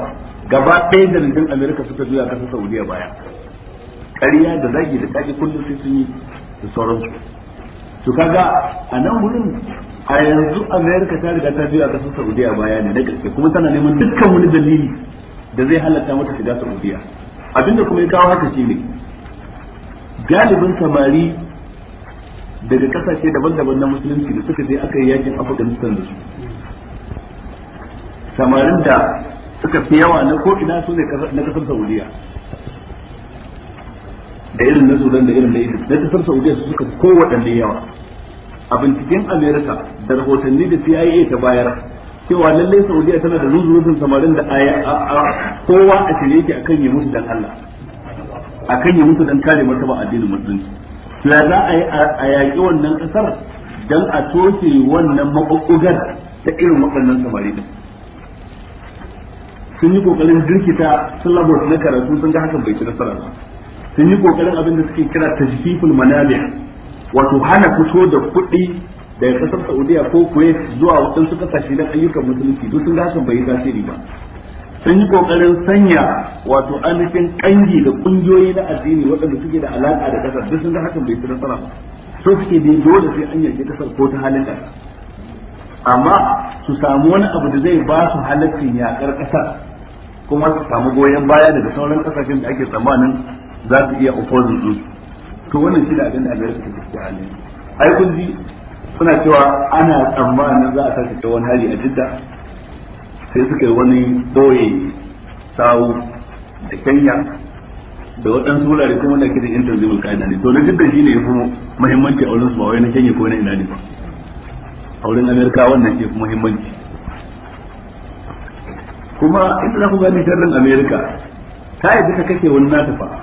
gaba ɗaya da nijin amerika suka juya kasar saudiya baya ƙarya da zagi da ƙaƙi kullum sai sun yi da sauransu Su kaga a nan wurin a yanzu amerika ta riga ta biya kasar saudiya baya ne na gaske kuma tana neman dukkan wani dalili da zai halatta mata shiga saudiya abinda kuma ya kawo haka ne. galibin samari daga kasashe daban-daban na musulunci da suka je aka yi yakin afganistan da su samarin da suka fi yawa na ko'ina su ne na kasar saudiya da irin na sudan da irin na egypt na kasar saudiya su suka kowaɗanne yawa a binciken america da rahotanni da cia ta bayar cewa lallai saudiya tana da ruzurutun samarin da A-A-A, kowa a shirye yake akan yi musu dan allah akan yi musu dan kare martaba addinin musulunci to ya za a yi a yaƙi wannan ƙasar don a toshe wannan maɓuɓɓugar ta irin waɗannan samari din sun yi ƙoƙarin jirkita syllabus na karatu sun ga hakan bai ci nasara ba sun yi ƙoƙarin abin da suke kira tajfiful manami wato hana fito da kuɗi daga ƙasar Saudiya ko Kuwait zuwa waɗansu ƙasashe na ayyukan musulunci duk sun ga hakan bai yi tasiri ba sun yi kokarin sanya wato ainihin kangi da kungiyoyi na addini waɗanda suke da alaƙa da ƙasar duk sun ga hakan bai fi nasara ba so suke ne dole sai an yanke ƙasar ko ta halin ƙasa amma su samu wani abu da zai ba su halaccin yaƙar ƙasar kuma su samu goyon baya daga sauran ƙasashen da ake tsammanin za su iya opposing su to wannan shi da abin da ta fice halin ai kun ji suna cewa ana tsammanin za a sake ta wani hari a Jidda sai suka yi wani boye sawu da kenya da waɗansu wurare kuma da kiran yan tanzimul ka'ida ne to na shi ne ya fi muhimmanci a wurin su ba wai na kenya ko na ina ne ba a wurin amerika wannan ke fi muhimmanci kuma inda za ku gani sharrin amerika ta yi duka kake wani nata fa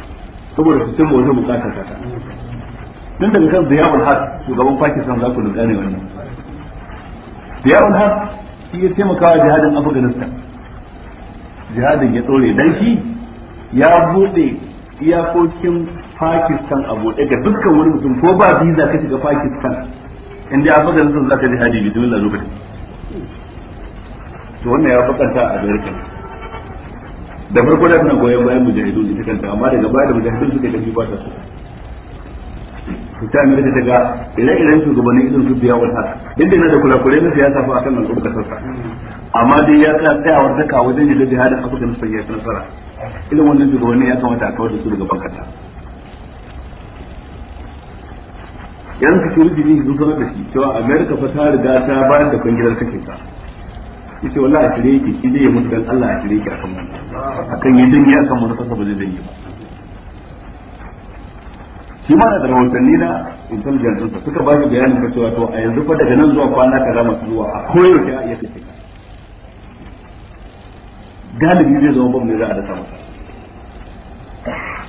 saboda su cimma wata bukata ta ta tun daga kan ziyarar har shugaban pakistan za ku gane wannan ziyarar har shi ya taimakawa jihadin afganistan jihadin ya tsore dan shi ya bude iyakokin pakistan a bude ga dukkan wani mutum ko ba visa ka shiga pakistan inda afganistan za ka jihadi bismillah lokacin to wannan ya bakanta a america da farko da suna goyon bayan mujahidun ita kanta amma daga baya da mujahidun suka tafi ba ta so to ta amurka daga ire-iren shugabannin irin su biya wani haka duk da yana da kurakurai na siyasa fa akan al'ummar kasarsa amma dai ya tsaya tsayawar daka wajen yi da jihadin afirka na sanya nasara irin wannan shugabannin ya kamata a kawar da su daga bankasa yan security ne sun sanar da shi cewa america fa ta riga ta bayar da kwangilar kake ta yace wallahi a shirye yake shi zai ya mutu dan Allah a shirye yake kan wannan akan yi kan akan kasa ba zai dangi ba shi ma da rahotanni na intelligence sa suka ba shi bayanin ka cewa to a yanzu fa daga nan zuwa kwana ka zama zuwa a koyaushe a iya kai galibi zai zama bamu ne za a dasa masa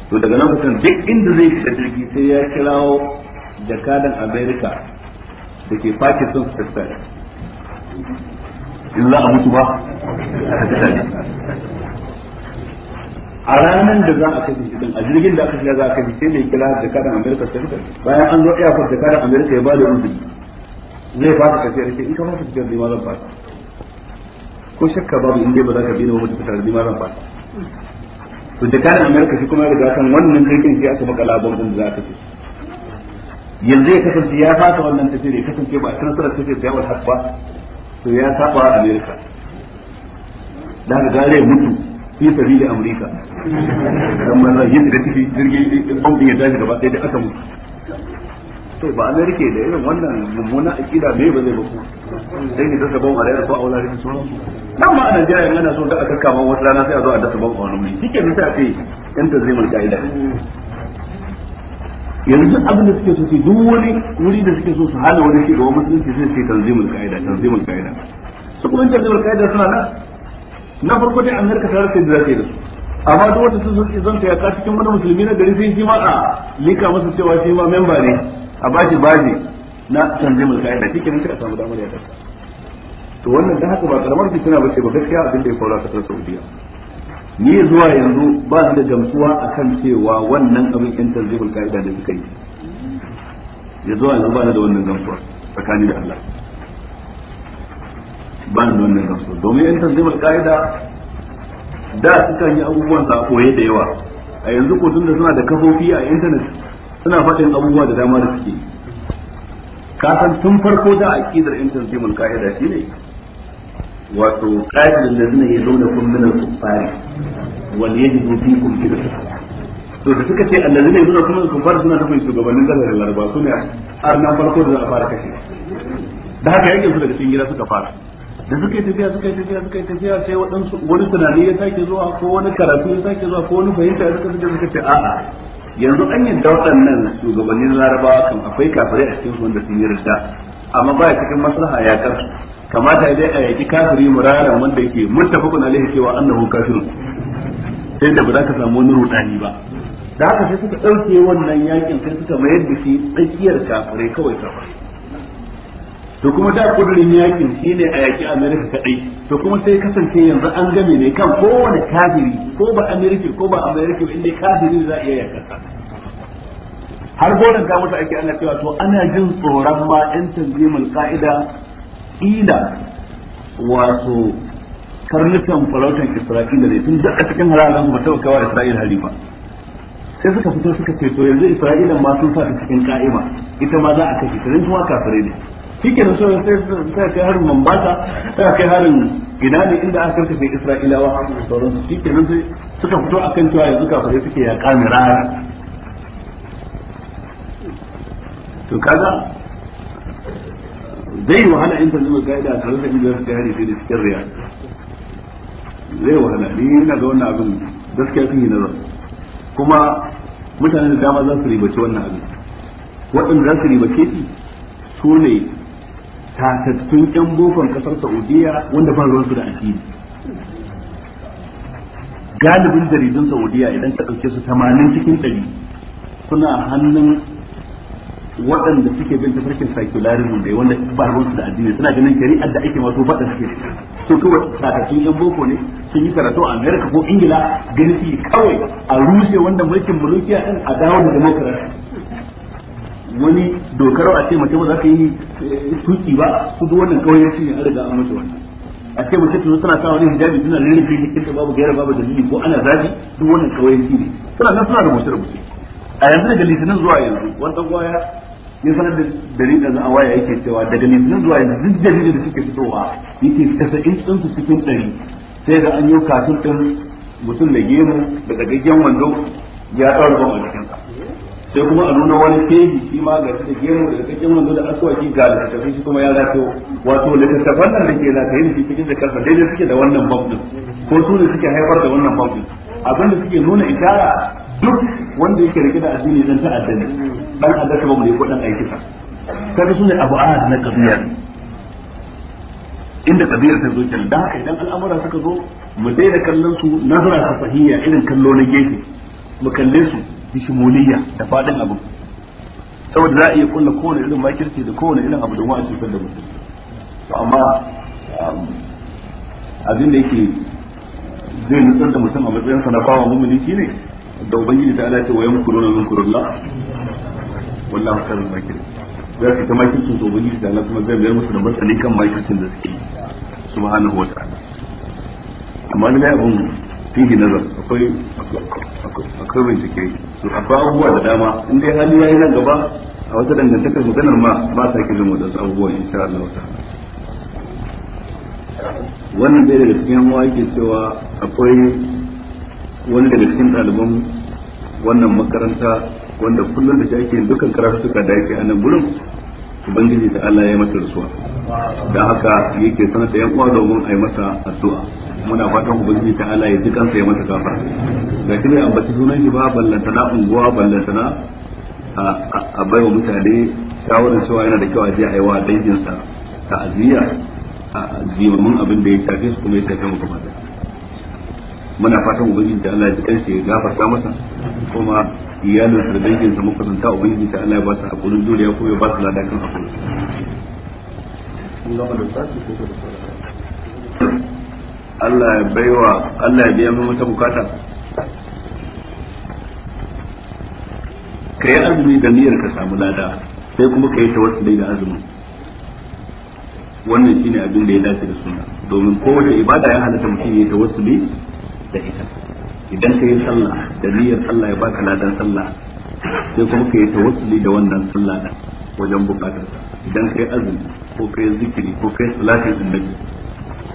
to daga nan kusan duk inda zai shiga jirgi sai ya kirawo jakadan america da ke pakistan su tattara in za a mutu ba a a ranar da za a kashe shi a jirgin da aka shiga za a kashe sai mai kila da kada Amerika ta fita bayan an zo iyakar da kada Amerika ya ba da uzuri zai fasa tafiyar sai in ka fasa tafiyar da ma zan fata ko shakka babu in ba za ka bi na wata tafiyar da zan fata to da kada Amerika shi kuma ya riga kan wannan jirgin sai aka maka labar da za ka kashe yanzu ya kasance ya fasa wannan tafiyar ya kasance ba a kan sarar tafiyar da yawon haka ba to ya saba Amerika da haka gare mutu fi sabili amurka dan banza yin da ciki jirgin bombin ya tashi gaba ɗaya da aka mutu to ba amerika da irin wannan mummuna akida me ba zai ba ku sai ni dasa bom a rayar ko a wala rikin sauran nan ma a najeriya yana so da aka kama wata rana sai a zo a dasa bom a wani mai shi ke nisa a kai yan tazimar ka'ida yanzu abin da suke so su duk wani wuri da suke so su hana wani shi gaban musulunci sai sai tanzimul qaida tanzimul qaida su kuma tanzimul qaida suna nan na farko dai amerika ta rasa da zai da su amma duk wata sun zanta ya yaka cikin wani musulmi na gari sai shi ma a lika masa cewa shi ma memba ne a bashi baji na canje mulka ka'ida shi kenan sai a samu damar yaka to wannan da haka ba karamar fitina ba ce ba gaskiya abin da ya faru a kasar Saudiya ni zuwa yanzu ba ni da gamsuwa akan cewa wannan abin yan tanzimul ka'ida da suka yi ya zuwa yanzu ba ni da wannan gamsuwa tsakani da Allah ba ni da wannan gamsuwa domin yan tanzimul ka'ida da sukan yi abubuwan sa koye da yawa a yanzu ko tunda suna da kafofi a intanet suna faɗin abubuwa da dama da suke ka san tun farko da aqidar kaida shi ne wato qaidul ladina yadunukum min al-kuffari wal yajidu fikum kibra to da suka ce ne yanzu kuma su fara suna nufin shugabannin da laraba su ne har na farko da za a fara kashe da haka yake su daga cikin gida suka fara da suka yi tafiya suka yi tafiya suka yi tafiya sai waɗansu wani tunani ya sake zuwa ko wani karatu ya sake zuwa ko wani fahimta ya suka suka suka ce a'a yanzu an yi daudan nan shugabannin larabawa kan akwai kafirai a cikin wanda sun yi rida amma ba cikin maslaha ya kar kamata dai a yaki kafiri muraran wanda yake muttafaqun alaihi cewa annahu kafir. sai da ba za ka samu wani rudani ba da haka sai suka ɗauke wannan yakin sai suka mayar da shi tsakiyar kafirai kawai kawai to kuma da kudurin yakin shine a yaki ta kadai to kuma sai kasance yanzu an game ne kan kowane kafiri ko ba amerika ko ba ba inda kafiri za a iya yaka har gonan ga mutu ake ana cewa to ana jin tsoron ma ɗan tanzimul ka'ida ila wato karnukan farautan Isra'ila ne tun duk a cikin halalan ba ta kawo Isra'ila halifa sai suka fito suka ce to yanzu Isra'ila ma sun sa ta cikin ka'ima ita ma za a kashe ta kuma kafirai ne shike da sauran sai ta kai harin mambata ta kai harin gina ne inda aka karkace isra'ilawa har da sauransu su shike nan sai suka fito kan cewa yanzu kafirai suke ya kamira to kaga zai wahala in tanzu mai ga'ida a tare da biyar da hari sai da cikin riya zai wahala ni ina ga wannan abin gaskiya sun yi nazar kuma mutane da dama za su ribaci wannan abin waɗanda za su ribace su ne tatattun yan bokon kasar saudiya wanda ba su da addini galibin jaridun saudiya idan ka ɗauke su tamanin cikin ɗari suna hannun waɗanda suke bin tafarkin secularism da wanda ba su da addini suna ganin shari'ar da ake wato faɗa suke su kawai tatattun yan boko ne sun yi karatu a america ko ingila ganin su kawai a rushe wanda mulkin mulkiya ɗin a dawo da demokarasi wani dokar a ce mace ba za ka yi eh, tuki ba su duk wannan kawai shi ne an riga an mace wannan a ce mace tuzo suna sawa ne hijabi suna rarrafe jikinta babu gaira babu dalili ko ana zafi duk wannan kawai shi ne suna nan suna da rubuce a yanzu daga litinin zuwa yanzu wani dan gwaya ya sanar da dalilin da a waya yake cewa daga litinin zuwa yanzu duk dalilin da suke fitowa yake tasa'in su cikin ɗari sai da an yi kafin ɗin mutum da gemu da dagaggen wando ya ɗaura ban a jikinsa sai kuma a nuna wani tehi shi ma ga da gemu da kake mun da aswaki ga da tafi shi kuma ya zato wato da tafan nan da ke na kai shi cikin da daidai suke da wannan bambu ko su ne suke haifar da wannan bambu abin da suke nuna itara duk wanda yake rike da addini dan ta'adda ne dan addaka ba mu ne ko dan aikata kaga sune abu a na kabiya inda kabiya ta zo kenan da haka idan al'amura suka zo mu daina kallon su nazara ta sahiya irin kallo na gefe mu kalle su bishimuliyya da fadin abu saboda za a iya kulla kowane irin makirci da kowane irin abu domin a cutar da mutum to amma um, abin da yake zai nutsar da mutum a matsayinsa na bawa mumuni shine da ubangiji ta alace wa yamkuruna min kurullah wallahu khairul makirin za su ta makircin su ubangiji da Allah kuma zai mayar musu da martani kan makircin da suke subhanahu wa ta'ala amma ne abun fihi nazar akwai akwai bincike su akwai abubuwa da dama in dai hali yayi nan gaba a wata dangantakar maganar ma ba ta kiran mu da abubuwa insha Allah ta wannan dai daga cikin yawa yake cewa akwai wani daga cikin ɗaliban wannan makaranta wanda kullum da shi ake dukkan karatu suka da yake a nan gurin ubangiji da Allah ya mata rasuwa da haka yake sanar da yan uwa domin a yi masa addu'a muna fatan ubangiji ta Allah ya ji kansa ya masa gafara ga shi bai ambaci sunan shi ba ballanta na unguwa ballanta na a baiwa mutane shawarar cewa yana da kyau a je a yi wa danginsa aziya a jimamin abin da ya shafe su kuma ya shafe mu kuma muna fatan ubangiji ta Allah ya ji kansa ya gafarta masa kuma iyalin da danginsa makusanta ubangiji ta Allah ya ba su hakurin juriya dole ya ba su ladakan hakuri. Allah da Allah ya baiwa Allah ya biya mata bukata kai azumi da niyyar ka samu lada sai kuma kai wasu da azumin wannan shine abin da ya dace da sunna domin kowace ibada ya halatta mutum ya tawassuli da ita idan ka yi sallah da niyyar sallah ya baka ladan sallah sai kuma ka yi tawassuli da wannan sallah wajen bukatarsa idan ka yi azumi ko ka yi zikiri ko ka yi salatin annabi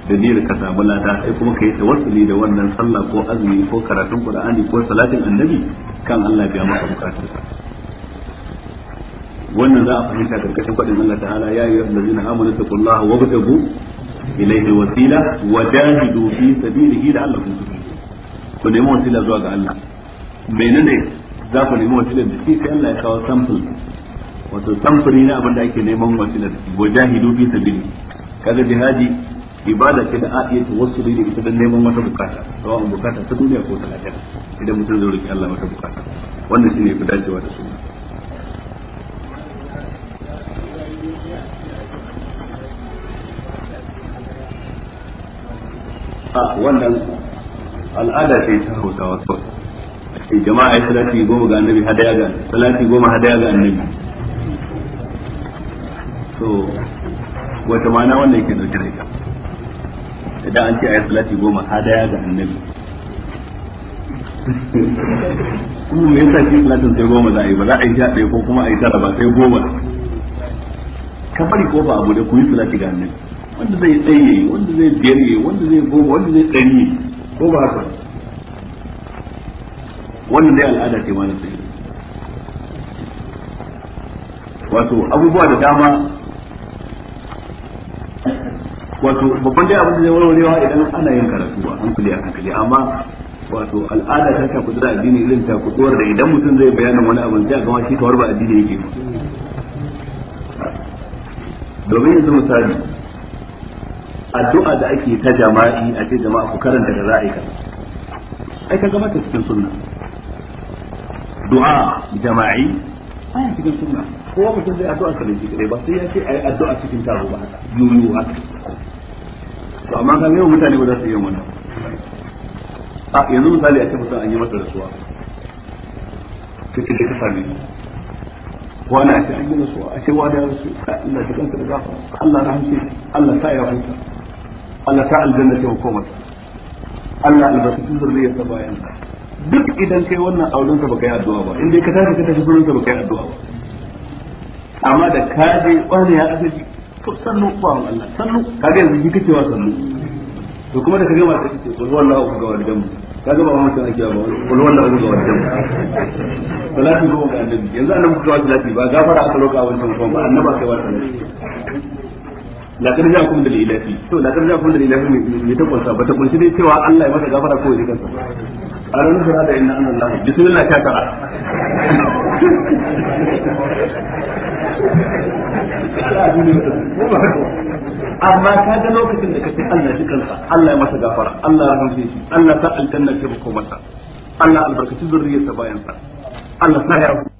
da niyyar ka samu lada sai kuma ka yi tawassuli da wannan sallah ko azumi ko karatun qur'ani ko salatin annabi kan Allah biya maka bukatunsa wannan za a fahimta karkashin faɗin Allah ta'ala ya yi rabbi na amanu taqullaha wa btagu ilayhi wasila wa jahidu fi sabilihi la'allakum tuflihun ku nemi wasila zuwa ga Allah menene za ku nemi wasila da shi sai Allah ya kawo sample wato samfuri na abin da ake neman wasila wa jahidu fi sabili kaga jihadi ibada ce da a iya wasu da ita don neman wata bukata sawa'un bukata ta duniya ko ta lafiya idan mutum zai roki Allah wata bukata wannan shine fi dacewa da su a wannan al'ada ce ta hausawa kawai sai jama'a ya salati goma ga annabi hadaya ga salati goma hadaya ga annabi to wata ma'ana wannan yake dauke da ita idan an ce a yi salati goma hadaya ga annabi kuma me yasa cikin salatin sai goma za a yi ba za a yi sha ɗaya ko kuma a yi tara ba sai goma ka bari ko ba abu da ku yi salati ga annabi wanda zai tsaye wanda zai biyar yi wanda zai goma wanda zai ɗari ko ba haka wannan dai al'ada ce ma na sai wato abubuwa da dama wato babban dai abin da zai warwarewa idan ana yin karatu ba an a hankali amma wato al'ada ta ta kudura addini irin ta kudurar da idan mutum zai bayanin wani abin sai a gama shi kawar ba addini yake domin yanzu misali addu'a da ake ta jama'i a ce jama'a ku karanta da a yi ai ka ta cikin sunna du'a jama'i aya cikin sunna kowa mutum zai addu'a kare shi kadai ba sai ya ce ai addu'a cikin taro ba haka yuyu haka to amma kan yau mutane ba za su yi wannan a yanzu misali a ce mutum an yi masa rasuwa da ka ce an yi rasuwa a ce rasu Allah ta da gafa Allah Allah ta Allah ta aljanna ta Allah bayan duk idan kai wannan auren ka baka yi addu'a ba in dai ka tashi ka tashi ka baka yi addu'a ba amma da ka je ya asali to sannu bawan Allah sannu kaga yanzu shi kace wa sannu to kuma da kaga ma kullu wallahu ku ga kaga ba kullu wallahu ku ga go ga annabi yanzu annabi ku ga ba gafara aka kai kun da lilafi to kun da lilafi ne ta kunsa ba ta kunshi dai cewa Allah ya masa gafara ko ya a ranar sura da inna bismillah ta tara amma ka ga lokacin da kace Allah shi kansa Allah ya masa gafara Allah ya rahmace shi Allah ta aljanna ke masa Allah albarkaci zurriyarsa Allah ta